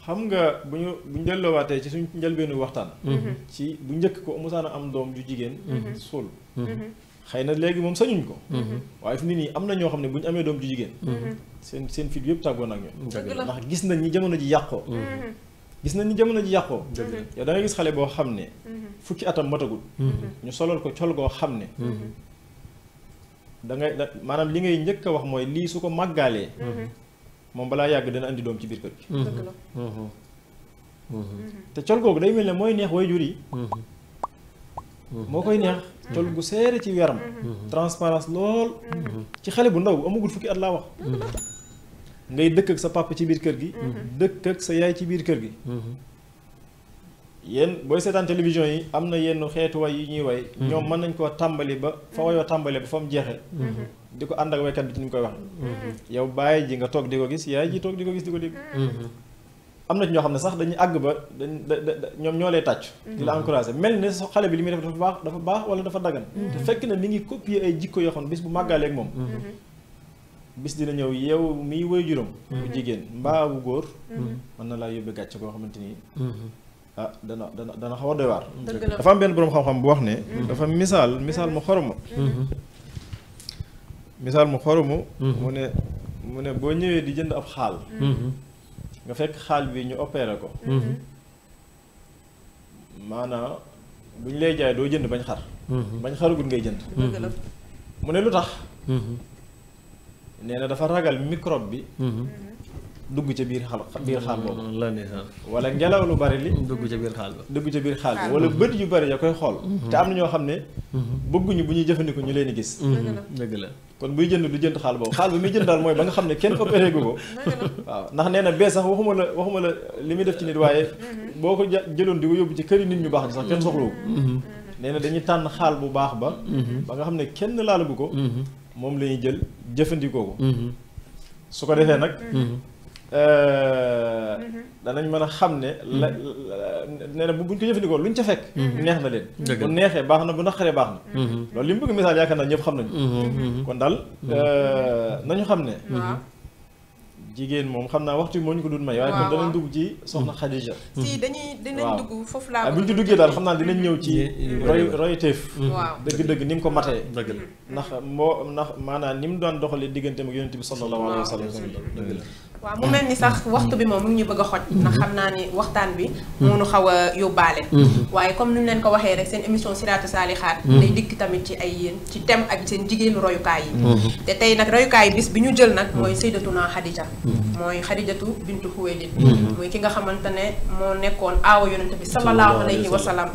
xam nga bu ñu bu ñu delloowaatee ci suñ njëlbeenu waxtaan. ci bu njëkk ko musaan am doom ju jigéen. suul. xëy na léegi moom sañuñ ko. waaye fi nit ne am na ñoo xam ne bu ñu amee doom ju jigéen. seen seen fit yëpp tàggoon ak ñoom. ndax gis nañ ñi jamono ji yàqoo. gis nañ ñi jamono ji yàqoo. yow da gis xale boo xam ne. fukki atam matagul. ñu solal ko col goo xam ne. da ngay maanaam li ngay njëkk a wax mooy lii su ko màggaalee. Mhm. moom balaa yàgg dana andi doom ci biir kër gi. Mhm. Mhm. te col googu day mel ne mooy neex way jur yi. moo koy neex col gu seere ci yaram. transparence lool. ci xale bu ndaw amagul fukki at laa wax. ngay dëkk ak sa papa ci biir kër gi. dëkk ak sa yaay ci biir kër gi. yéen booy seetaan télévision yi am na yenn xeetu way yi ñuy way mm-hmm. ñoom mën nañ koo tàmbali ba fa mm-hmm. wayoo tàmbali ba fa mu jeexee mm-hmm. di ko ànd ak waykat bi ci ni mu koy wax yow bàyyi ji nga toog di ko gis yaay ji toog di ko gis di ko dégg am na ci ñoo xam ne sax dañuy àgg ba dañ da ñoom ñoo lay tàcc di la encouragé mel ne so xale bi li muy def dafa baax dafa baax wala dafa dagan te fekk na mi ngi koppi ay jikko yoo bis bu màggalee moom bis dina ñëw yow miy way jigéen mbaa góor mën na laa yóbbee gàcc koo xamante nii ah dana dana dana xaw a doy waar dafa am benn boroom xam-xam bu wax ne mm-hmm. dafa misaal misaal mu xoromu mm-hmm. misaal mu xoromu mm-hmm. mu ne mu ne boo ñëwee di jënd ab xaal nga fekk xaal bi ñu opeere ko maanaam bu ñu lay jaay doo jënd bañ xar bañ xaragul ngay jënd mu ne lu tax nee na dafa ragal microbe bi dugg ca biir xal biir xaal boobu wala ngelaw lu bari li dugg ca biir xaal ba dugg ca biir xaal bi wala bët yu bari ya koy xool mhm. te am na ñoo xam ne bëgguñu bu ñuy jëfandikoo ñu leen gis mhm. kon buy jënd du jënd xaal boobu xaal bi muy jënd daal mooy ba nga xam ne kenn opéré la mhm. ko jëloon bu ko moom la ñuy jël jëfandikoo ko su ko defee nag Euh, danañ mën a xam ne hmm. la nee na buñ ko jëfandikoo luñ ca fekk hmm. neex na leen bu neexee baax na bu naqaree baax na hmm. loolu li mu bëgg message yaakaar naa ñëpp xam nañu kon daal euh, nañu xam ne jigéen moom xam naa waxtu bi moo ñu ko dund may. waaye kon danañ dugg ci soxna Khadija. si dañuy dinañ dugg foofu laa ah, bu ñu ci duggee daal xam naa dinañ ñëw ci. roy royteef. waaw dëgg-dëgg ni mu ko matee. dëgg la ndax moo ndax maanaam ni mu daan doxalee digganteem ak yonent bi sallallahu alayhi wa sallam. dëgg la waaw mu mel ni sax waxtu bi moom mu ñu bëgg a xoj ndax xam naa ni waxtaan bi moo nu xaw a yóbbaale mm-hmm. waaye comme ni ñu leen ko waxee rek seen émission Siratou Salihate mm-hmm. day dikk tamit ci ay yéen ci thème ak seen jigéenu royukaay yi mm-hmm. te tey nag royukaay bis bi ñu jël nag mooy Seydatuna Xadija mooy Xadijatu bintu Xuwaylid mooy ki nga xamante ne moo nekkoon aawa yonente bi sallallahu alayhi wa sallam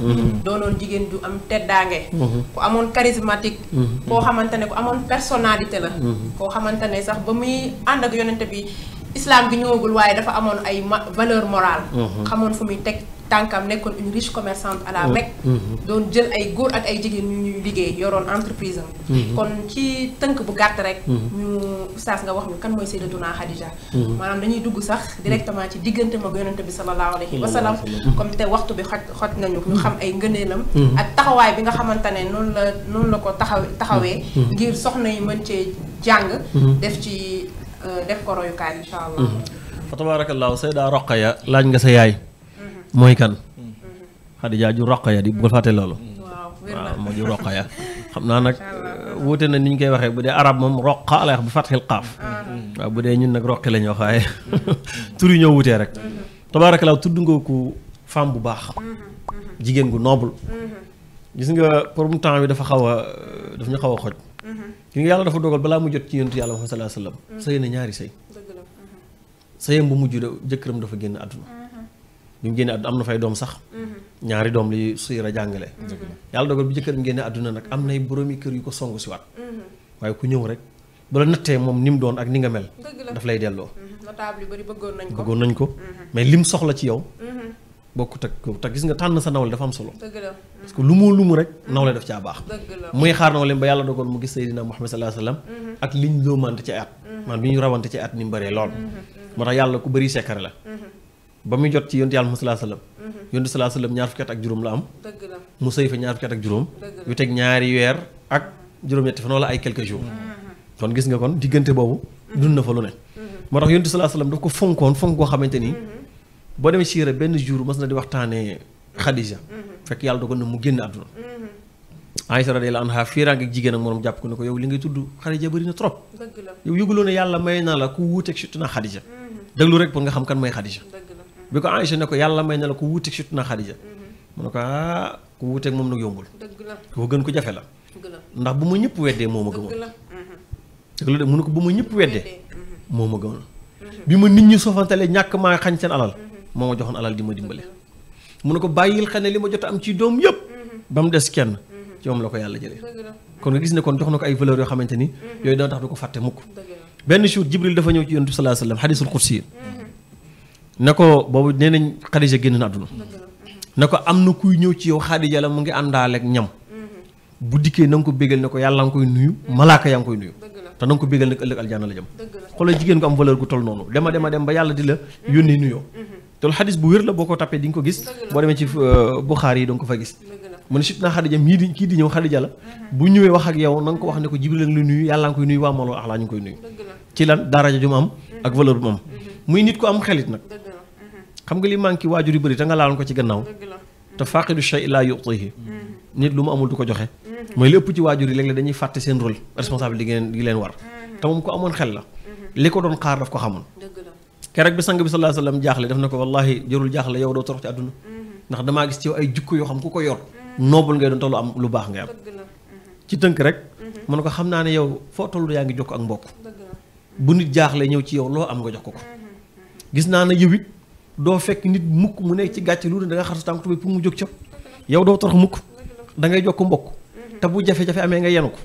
doonoon jigéen ju am teddaange ku amoon charismatique koo xamante ne ku amoon personnalité la koo xamante ne sax ba muy ànd ak yonente bi islaam bi ñëwagul waaye dafa amoon ay valeur morale. Mhm. xamoon fu muy teg tànkam nekkoon une riche commerçante à mhm. Mhm. doon jël ay góor ak ay jigéen ñu ñuy liggéey yoroon entreprise am. kon ci tënk bu gàtt rek. ñu oustaz nga wax ñu kan mooy Sayyidatuna Khadija. maanaam dañuy dugg sax directement ci diggante moom yonente bi sallallahu alayhi wa sallam. comme te waxtu bi xoj xoj nañu ñu xam ay ngëneelam. ak taxawaay bi nga xamante ne noonu la noonu la ko taxaw taxawee. ngir soxna yi mën cee jàng. def ci. Eh, def ko royukaay incha allah. Mhm. fa tabaarakallaahu sayda Raqaya lañ nga sa yaay. Mhm. Moy kan. Khadija mhm. ju Raqaya di bul faté lolu. waaw mo ju Raqaya. Xamna nak nag na niñ koy budé arab mom Raqqa ala bi fathi fatxil qaaf. waaw bu ñun nak Raqqi lañ wax ay. Turu ñoo wuté rek. tabaarakallaahu tuddu nga ko fam bu baax. Jigen gu noble. gis nga pour mu temps bi dafa xawa dafa ñu xawa xoj. li nga yàlla dafa dogal balaa mu jot ci yonent yàlla Muhammad sallallahu alayhi wasallam sëy na ñaari sëy mhm. sëyam bu mujj de jëkkëram dafa génn àdduna mhm. bi mu génne àdduna am na fay doom sax mhm. ñaari doom li suy a jàngale yàlla dogal bi jëkkëram génne àdduna nag am nay boroomi kër yu ko songu si waat waaye ku ñëw rek bu la nattee moom ni mu doon ak ni nga mel daf lay delloo bëggoon nañ ko mais lim soxla ci yow bokkut ak te gis nga tànn sa la dafa am solo. parce que lu mu lu mu rek mm-hmm. nawle daf caa baax. muy xaar nawleem ba yàlla dogal mu gis Seydina Muhammad sallallahu alayhi wasallam mm-hmm. ak li mm-hmm. ñu rawante ci at ni mu lool. moo tax yàlla ku bëri sekkare la. ba muy jot ci yonent yàlla Muhammad sallallahu alayhi wasallam. yonent sallallahu ñaar fukki at ak juróom la am. mu sëy fa ñaar fukki at ak juróom. yu teg ñaari weer ak juróom-ñetti fan wala ay quelques jours. kon gis nga kon diggante boobu dund na fa bo demé siira ben jour mësna di waxtané Khadija. Mhm. fek yalla dogal na mu genn aduna mhm. Aïssa radiyallahu anha fiiraange ak jigen ak morom japp ko ne ko yow li ngay tuddu Khadija bari na trop. yow yëguloo ne yàlla may na la ku ak sutuna Khadija. Mhm. déglu rek pour nga xam kan moy Khadija. bi ko Aïssa ne ko yalla may na la ku ak sutuna Khadija. mu ko ah ku wuuteeg yombul. dëgg la gën ko jafe la. ndax bu ma ñëpp weddee moo ma la de mu ne ko bu ma ñëpp weddee. bi ma nit ñi sofantalé ñak ma xañ sen alal moo ma joxoon alal di ma dimbale mu ne ko bàyyil xel ne li ma jot am ci doom yëpp ba mu des kenn ci moom la ko yàlla jëlee kon nga gis ne kon jox na ko ay valeurs yoo xamante ni yooyu dana tax du ko fàtte mukk benn jour jibril dafa ñëw ci yonent bi salaa sallam xadisul xursi ne ko boobu nee nañ xadija génn na àdduna ne ko am na kuy ñëw ci yow xadija la mu ngi àndaaleeg ñam mm-hmm. bu dikkee na ko bégal ne ko yàlla nga koy nuyu mm-hmm. malaaka yaa ngi koy nuyu te na nga ko bégal ne ko ëllëg la jëm xoolal jigéen ko am valeur gu toll noonu dema dema dem ba yàlla di la mm-hmm. yónni nuyoo te loolu bu wér la boo ko tappee di ko gis boo demee ci euh, Buxaari yi danga ko fa gis mu ne sit naa Xadija mii di kii di ñëw Xadija la mhm. bu ñëwee wax ak yow na nga ko wax ne ko Jibril la nuyu yàlla nga koy nuyu waa Mawlo ax laa koy nuyu ci lan daraja ju mu am mhm. ak valeur bu mu am mhm. muy nit ko am xelit nag xam nga li manqué waajur yu bëri te nga laaloon ko ci gannaaw te faaqidu shay laa yu'tihi nit lu mu amul du ko joxe mooy li ëpp ci waajur yi léeg-léeg dañuy fàtte seen rôle responsable di ngeen di leen war te moom ko amoon xel la li ko doon xaar daf ko xamoon Karak bi sang bi sallallahu alayhi wasallam jaaxle def nako wallahi jërul jaaxle yow do torox ci aduna mhm. ndax dama gis ci yow ay jukku yo xam kuko yor noobul ngay don tolu am lu bax ngay am mhm. ci teunk rek mon mhm. ko xamna ne yow fo tolu yaangi jokk ak mbokk bu nit jaaxle ñew ci yow lo am nga jokk ko gis na na yewit do fekk nit mukk mu ne ci gatch lu da nga xartu tank tu pour mu jokk ci yow do torox mukk da ngay jokk mbokk ta bu jafe-jafe amé nga yenu ko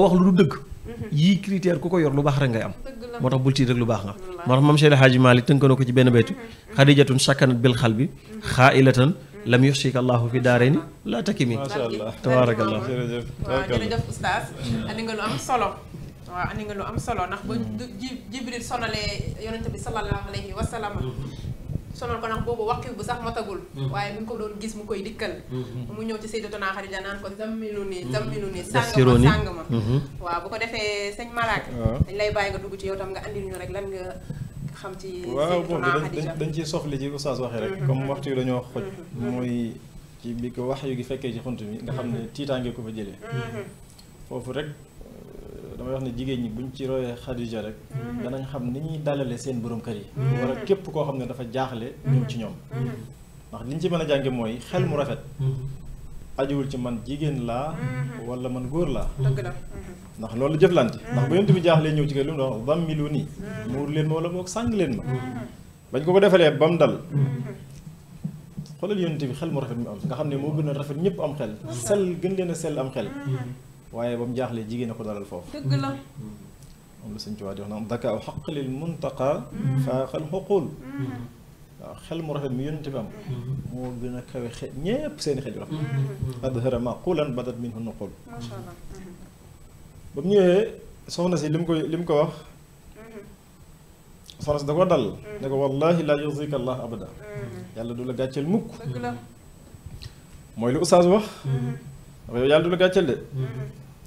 wax lu du deug Mm-hmm. yii critère ku ko yor lu baax rek ngay am moo tax bul tiit lu baax nga moo tax maam Cheikh Hadji Malick tënk ko ci benn baytu xadijatun mm-hmm. sakkanat bil xal bi xaailatan mm-hmm. lam yuxsika allahu fi daareeni laa takimi tabaarakallah jërëjëf oustaz andi nga lu am solo waaw andi nga lu am solo ndax ba jibril sonal ko nag boobu waxtu bu sax motagul mm-hmm. waaye mu ngi ko doon gis mu koy dikkal mm-hmm. mu ñëw ci Sayyidatuna Xadija naan ko zammilu ni mm-hmm. zammilu ni sàng ma sàng ma waaw bu ko defee sëñ Malak dañ lay bàyyi nga dugg ci yow tam nga andil ñu rek lan nga xam ci waaw boobu dañ dañ ciy sof li ci oustaz waxee rek comme waxtu yu dañoo xoj mooy ci bi ko wax yu gi fekkee ci xunt mi nga xam ne tiitaange ko fa jëlee foofu rek damay wax ne jigéen ñi buñ ci royee Xadija rek mhm. danañ xam ni ñuy dalale seen borom kër yi mhm. wala képp koo xam ne dafa jaaxle ñëw ci ñoom mhm. ndax liñ ci man a jànge mooy xel mu rafet ajuwul ci man jigéen laa wala man góor laa ndax loolu jëflante ndax bu yonent bi jaaxle ñëw ci kër lu mu wax bammilu nii muur leen ma wala mook sàng leen ma bañ ko ko defalee ba mu dal xoolal yonent bi xel mu rafet mu am nga xam ne moo gën a rafet ñëpp am xel sel gën leen a am xel waaye ba mu jaaxlee jigéen a ko dalal foofu dëgg la moom la sëñ Tuubaa di wax naan dakaaw xaq lil muntaqa faaxal xuqul waaw xel mu rafet mi yonente bi am moo gën a kawe xel ñépp seen xel yu rafet adhara maqulan badat minhu nuqul ba mu ñëwee soxna si li mu ko li mu ko wax soxna si da ko dal ne ko wallahi laa yuzika allah abada yàlla du la gàcceel mukk mooy lu ustaas wax yow yàlla du la gàcceel de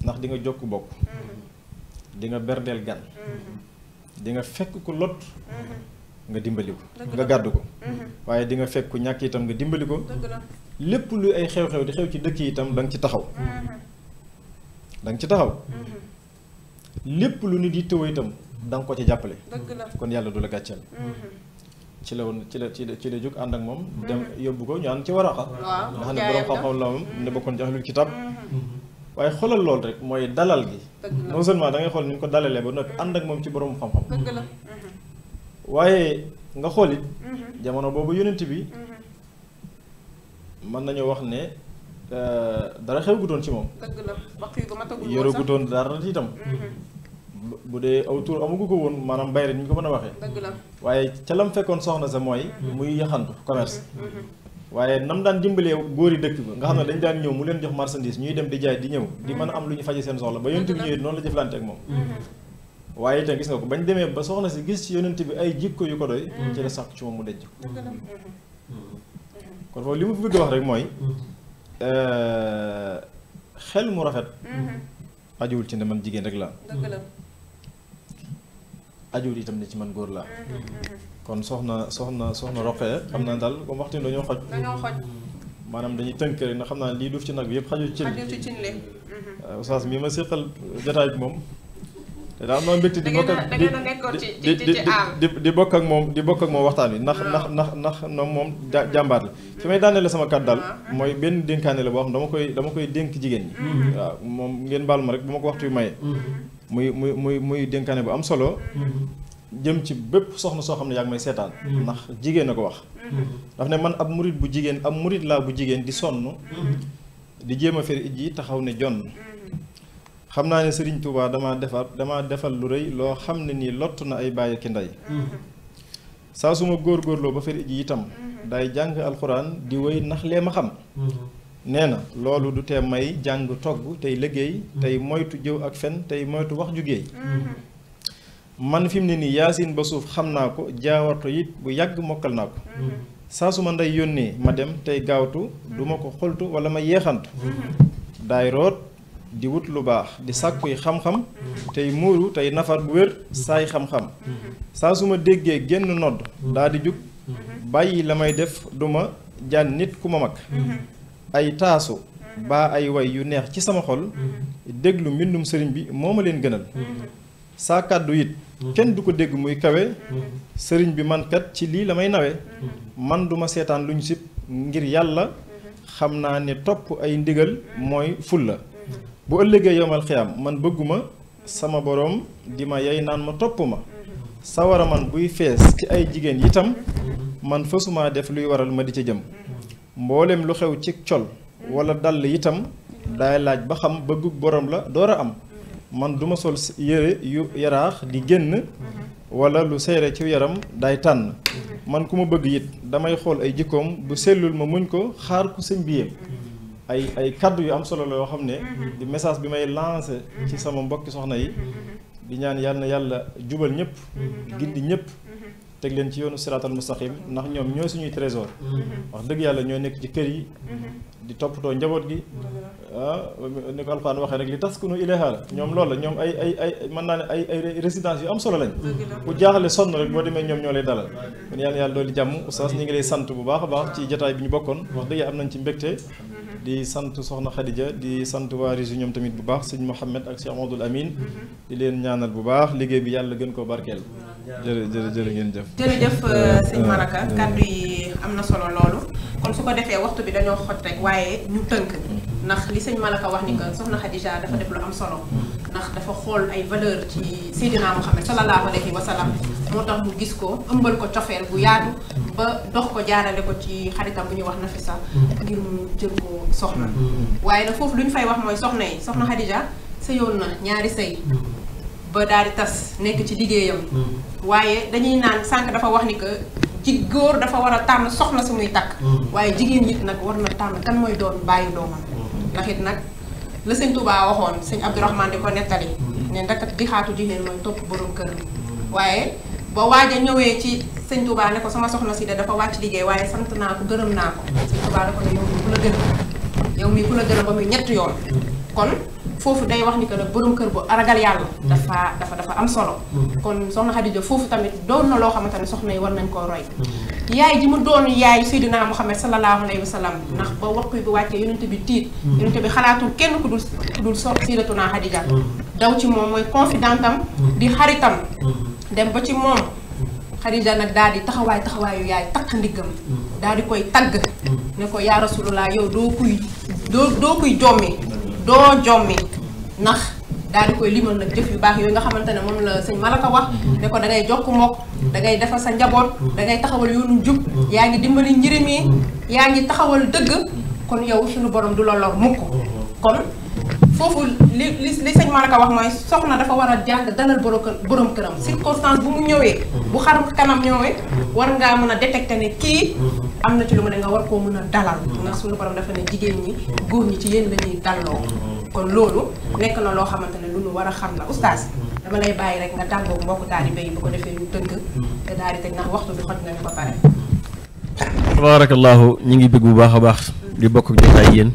ndax di nga jokk bokk mm-hmm. di nga berdeel gan mm-hmm. di nga fekk ku lot mm-hmm. nga dimbali ko nga gàdd ko waaye di nga fekk ku ñàkk itam nga dimbali ko lépp lu ay xew-xew di xew ci dëkk yi itam danga ci taxaw ci taxaw lépp lu nit yittewoo itam da nga ko ci jàppale kon yàlla du la gàcceel ci la woon ci la ci la ci la jóg ànd ak moom dem yóbbu ko ñu ànd ci waraxa nga xam ne boroom xam-xam la moom waaye xoolal loolu rek mooy dalal gi non seulement da ngay xool ni ñu ko dalalee ba noppi ànd ak moom ci borom xam-xam waaye nga xool it mm-hmm. jamono boobu yonent bi mm-hmm. mën nañoo wax ne euh, dara xew gutoon ci moom yore gutoon dara itam mm-hmm. bu dee aw tur amagu ko woon maanaam bayre ni ñu ko mën a waxee waaye ca mu fekkoon soxna sa mooy muy yaxantu commerce waaye nam daan dimbalee góor yi dëkk ba nga xam ne dañ daan ñëw mu leen jox marchandise ñuy dem di jaay di ñëw di mën am lu ñu faje seen soxla ba yonent bi ñëwee noonu la jëflante ak moom waaye itam gis nga ko bañ demee ba soxna si gis ci yonent bi ay jikko yu ko doy ci la sàkk ci moom mu denc kon foofu li mu fi bëgg wax rek mooy euh, xel mu rafet ajuwul ci ne man jigéen rek la ajuwul itam ne ci man góor laa kon soxna soxna soxna Roqee xam naa daal comme waxtu dañoo xoj. dañoo xoj. maanaam dañuy tënk rek na xam naa lii duuf ci nag bi yëpp xajul ci. xajul ci cin li. Euh, oustaz mi ma seqal jotaay bi moom. te daal maa di bokk ak di bokk ak moom di bokk ak waxtaan wi ndax ah. ndax ndax ndax noom moom jàmbaar la fi may daaneele sama kat daal ah. mooy benn dénkaane la boo xam dama koy dama koy dénk jigéen ñi mm-hmm. waaw moom ngeen baal ma rek bu ma ko waxtu yu maye mm-hmm. muy muy muy muy dénkaane bu am solo mm-hmm. jëm ci bépp soxna soo xam ne yaa ngi may seetaan mm-hmm. ndax jigéen a ko wax mm-hmm. daf ne man ab murit bu jigéen ab murit laa bu jigéen di sonn mm-hmm. di jéem a feri ij taxaw ne jonn xam naa ne Serigne Touba damaa defar damaa defal lu rëy loo xam ne nii lott na ay bàyyi ki ndey saa suma ba feri ij yi itam day di wéy nax lee ma xam nee na loolu du tee may jàng togg tey liggéey tey moytu jëw ak fen tey moytu wax ju man fi mu ne nii yaasin ba suuf xam naa ko jaawarto it bu yàgg mokkal naa ko mm-hmm. saa su ma nday yónnee ma dem tey gaawtu du ma ko xoltu wala ma yeexantu mm-hmm. daay root di wut lu baax di sàkkuy xam-xam mm-hmm. tey muuru tey nafar bu wér saay xam-xam saa su ma déggee génn nodd daa di jug bàyyi la may def du ma jaan nit ku ma mag ay taasu baa ay way yu neex ci sama xol déglu mbindum sëriñ bi moo ma leen gënal saa kàddu it kenn du ko dégg muy kawe mm-hmm. sëriñ bi man ci lii la may nawe mm-hmm. man duma seetaan lu ñu sib ngir yàlla xam naa ne topp ay ndigal mooy fulla mm-hmm. bu ëllëgee yomal xiyaam man bëgguma sama boroom di ma yey naan ma topp ma sawara man buy fees ci ay jigéen yitam man fasumaa def luy waral ma di ca jëm mboolem lu xew ci col wala dàll yitam daay laaj ba xam bëggug borom la door a am man duma sol yére yu yaraax di génn mhm. wala lu seere ci yaram day tànn mhm. man ku ma bëgg it damay xool ay jikkoom bu sellul ma muñ ko xaar ku sëñ bi mhm. ay ay kaddu yu am solo la yoo xam ne di message bi may lancé ci sama mbokki soxna yi di ñaan yàlla na yàlla jubal ñëpp gindi ñëpp teg leen ci yoonu siraatal mustaqim ndax ñoom ñooy suñuy trésor mm-hmm. wax dëgg yàlla ñoo nekk ci kër yi mm-hmm. di toppatoo njaboot gi mm-hmm. ah, ni ko alxuraan waxee rek li ku ilayha la ñoom loolu la ñoom ay ay ay mën naa ne ay ay résidence yu am solo lañ ku jaaxle sonn rek boo demee ñoom ñoo lay dalal kon yàlla yàlla doolu jàmm oustaz ñu ngi lay sant bu baax baax ci jataay bi ñu bokkoon wax dëgg am nañ ci mbégte di sant soxna Khadija di sant waa RIS ñoom tamit bu baax sëñ Mouhamed ak sëñ Amadou Amine mm-hmm. di leen ñaanal bu baax liggéey bi yàlla gën koo barkeel. jërë jërë jërë ngeen jëf. jërëjëf euh, sëñ euh, Maraka euh. kàddu yi am na solo loolu kon su ko defee waxtu bi dañoo xot rek waaye ñu tënk. Mm-hmm. ndax li sëñ Maraka wax ni que soxna Khadija dafa def lu am solo. Mm-hmm. ndax dafa xool ay valeur ci Seydina Muhammad sallallahu alayhi wa moo tax mu gis ko ëmbal ko cofeel bu yaatu ba dox ko jaarale ko ci xaritam bu ñuy wax na fi Nafisa ngir mu jël ko soxna mm-hmm. waaye nag foofu lu ñu fay wax mooy soxna yi soxna Xadija sëyoon na ñaari sëy mm-hmm. ba daal tas nekk ci liggéeyam mm-hmm. waaye dañuy naan sànq dafa wax ni que ci góor dafa war a tànn soxna su muy takk waaye jigéen nit nag war na tànn kan mooy doon bàyyi doomam ndax it nag la sëñ Touba waxoon sëñ Abdourahmane di ko nettali ne ndakat di xaatu jigéen mooy topp borom kër waaye ba waaj a ñëwee ci sëñ Touba ne ko sama soxna si dafa wàcc liggéey waaye sant naa ko gërëm naa ko sëñ Touba da ne yow mii ku la gërëm yow mii ku la gërëm ba muy ñett yoon kon foofu day wax ni que nag borom kër bu ragal yàlla. Mm. dafa dafa dafa am solo. Mm. kon soxna Khady Diop foofu tamit doon na loo xamante ne soxna yi war nañ koo roy. Mm. yaay ji mu doon yaay Seydina Muhammad sallallahu alayhi wa sallam ndax ba wax bi wàccee yonent bi tiit. yonent bi xalaatul kenn ku dul ku dul so Sayyidatuna Khadija daw ci moom mooy confidente am. di xaritam. dem ba ci moom. Khadija nag daal di taxawaay taxawaayu yaay takk ndiggam. daal di koy tagg. ne ko yaa Rasulullah yow doo kuy doo jommi ndax daal di koy limal nag jëf yu baax yooyu nga xamante ne moom la sëñ Malaka wax mm-hmm. ne ko da jokk mbokk mm-hmm. dangay ngay defal sa njaboot mm-hmm. dangay taxawal yoonu jub yaa ngi dimbali njëriñ yi yaa ngi taxawal dëgg kon yow suñu borom du la lor mukk kon foofu li li li sëñ Malka wax mooy soxna dafa war a jàng dalal borom këram mm-hmm. circonstance bu mu ñëwee. Mm-hmm. bu xar kanam ñëwee. Mm-hmm. war ngaa mën a détecté ne kii. am na ci lu mu ne nga war koo mën a dalal. ndax suñu borom dafa ne jigéen ñi góor ñi ci yéen la ñuy kon loolu nekk na loo xamante ne lu ñu war a xam la oustaz. dama lay bàyyi rek nga tàggoog mbokk daal di béy bu ko defee ñu tënk. te daal di tëj ndax waxtu bi xoj nañu ba pare. tabaarakallaahu ñu ngi bëgg bu baax a baax. di bokk yéen.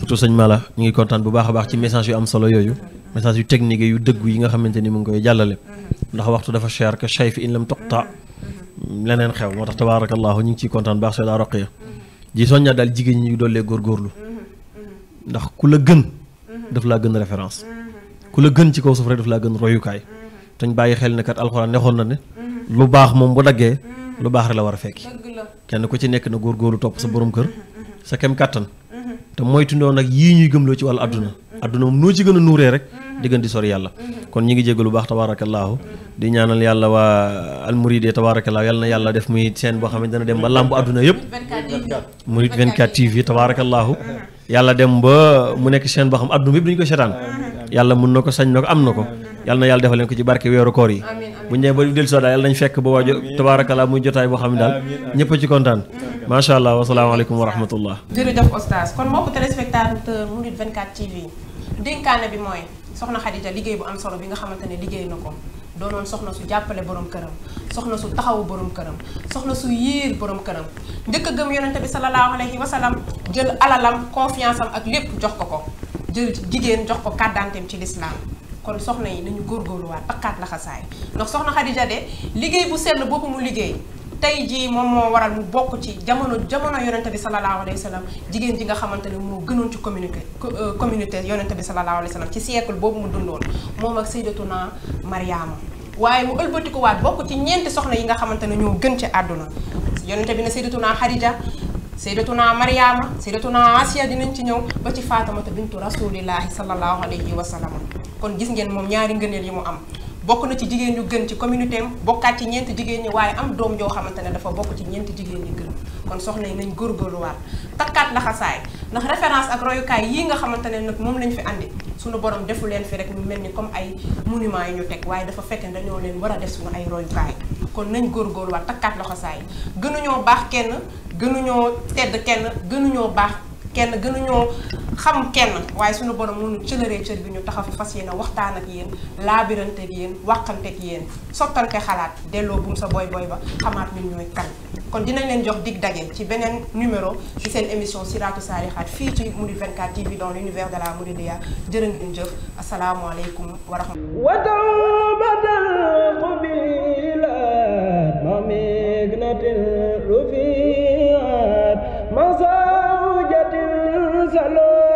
surtout sëñ Mala ñu ngi kontaan bu baax a baax ci message yu am solo yooyu message yu technique yu dëggu yi nga xamante ni mu ngi koy jàllale ndax waxtu dafa cher que chey fi in lam toqta leneen xew moo tax tabaarakallaahu ñu ngi ciy kontaan baax soo daa roqiya ji soññaa daal jigéen ñi ñu dollee góorgóorlu ndax ku la gën daf laa gën référence ku la gën ci kaw suuf rek daf laa gën royukaay te bàyyi xel ne kat alxuraan nexoon na ne lu baax moom bu daggee lu baax la war a fekki kenn ku ci nekk na góorgóorlu topp sa borom kër sa kem kàttan te moytundoo nag yii ñuy gëmloo ci wàllu àdduna mm-hmm. adduna moom noo ci gën a nuuree rek mm-hmm. di sor yàlla mm-hmm. kon ñi ngi jégg lu baax tabaarakallaahu di ñaanal yàlla waa almuride tabaarakallaahu yàlla na yàlla def muy seen boo xam ne dem ba làmb adduna yëpp murid 24 TV tabaarakallaahu yàlla dem ba mu nekk seen boo xam adduna yëpp dañu ko seetaan yàlla mun na ko sañ na ko am na ko yàlla na yàlla defal leen ko ci barke weeru koor yi bu ñu demee ba del soo daal yàlla nañ fekk ba waajo tabaarakala muy jotaay boo xam ne daal ñëpp ci kontaan macha allah wasalaamaaleykum wa rahmatullah jërëjëf oustaz kon mbokk téléspectateur Mouride 24 TV dénkaane bi mooy soxna Khadija liggéey bu am solo bi nga xamante ne liggéey na ko doonoon soxna su jàppale borom këram soxna su taxawu boroom këram soxna su yiir borom këram njëkk a gëm yonente bi salallaahu alayhi wa sallam jël alalam confiance ak lépp jox ko ko jël jigéen jox ko kàddaanteem ci lislaam kon soxna yi nañu góorgóorluwaat takkaat laxasaay ndax soxna Khadija de liggéey bu sell boobu mu liggéey tey jii moom moo waral mu bokk ci jamono jamono yonente bi salallaahu alayhi wa sallam jigéen ji nga xamante ne moo gënoon ci communiqué euh, communauté yonente bi salallaahu alayhi wa sallam ci siècle boobu mu dundoon moom ak naa Mariama waaye mu ëlbatikuwaat bokk ci ñeenti soxna yi nga xamante ne ñoo gën ci àdduna yonente bi ne saydatuna Khadija sayyidatuna Mariama sayyidatuna Asiya dinañ ci ñëw ba ci Faatimata bintu rasulillahi sallallahu alayhi wa sallam kon gis ngeen moom ñaari ngëneel yi mu am bokk na ci jigéen ñu gën ci communauté bokkaat ci ñeenti jigéen ñi waaye am doom joo xamante ne dafa bokk ci ñeenti jigéen ñi gën kon soxna yi nañ góorgóorluwaat takkaat laxasaay ndax référence ak royukaay yii nga xamante ne nag moom lañ fi andi suñu borom defu leen fi rek ñu mel ni comme ay m yi ñu teg waaye dafa fekk dañoo war a def suñu ay royukaay kon nañ góorgóorluwaat takkaat loxo saa yi gënuñoo baax kenn gënuñoo tedd kenn gënuñoo baax kenn gënuñoo xam kenn waaye suñu borom mënu cëlëree cër bi ñu taxaw fi fas yéene waxtaan ak yéen laabirante ak yéen waxante ak yéen sottante xalaat delloo buum sa booy boy ba xamaat ñun ñooy kan kon dinañ leen jox dig daje ci beneen numéro ci seen émission Siratu Saalihaat fii ci Mouride 24 TV dans l'univers de la Mouridiya jërë ngeen jëf asalaamualeykum wa rahmatulah. Hello.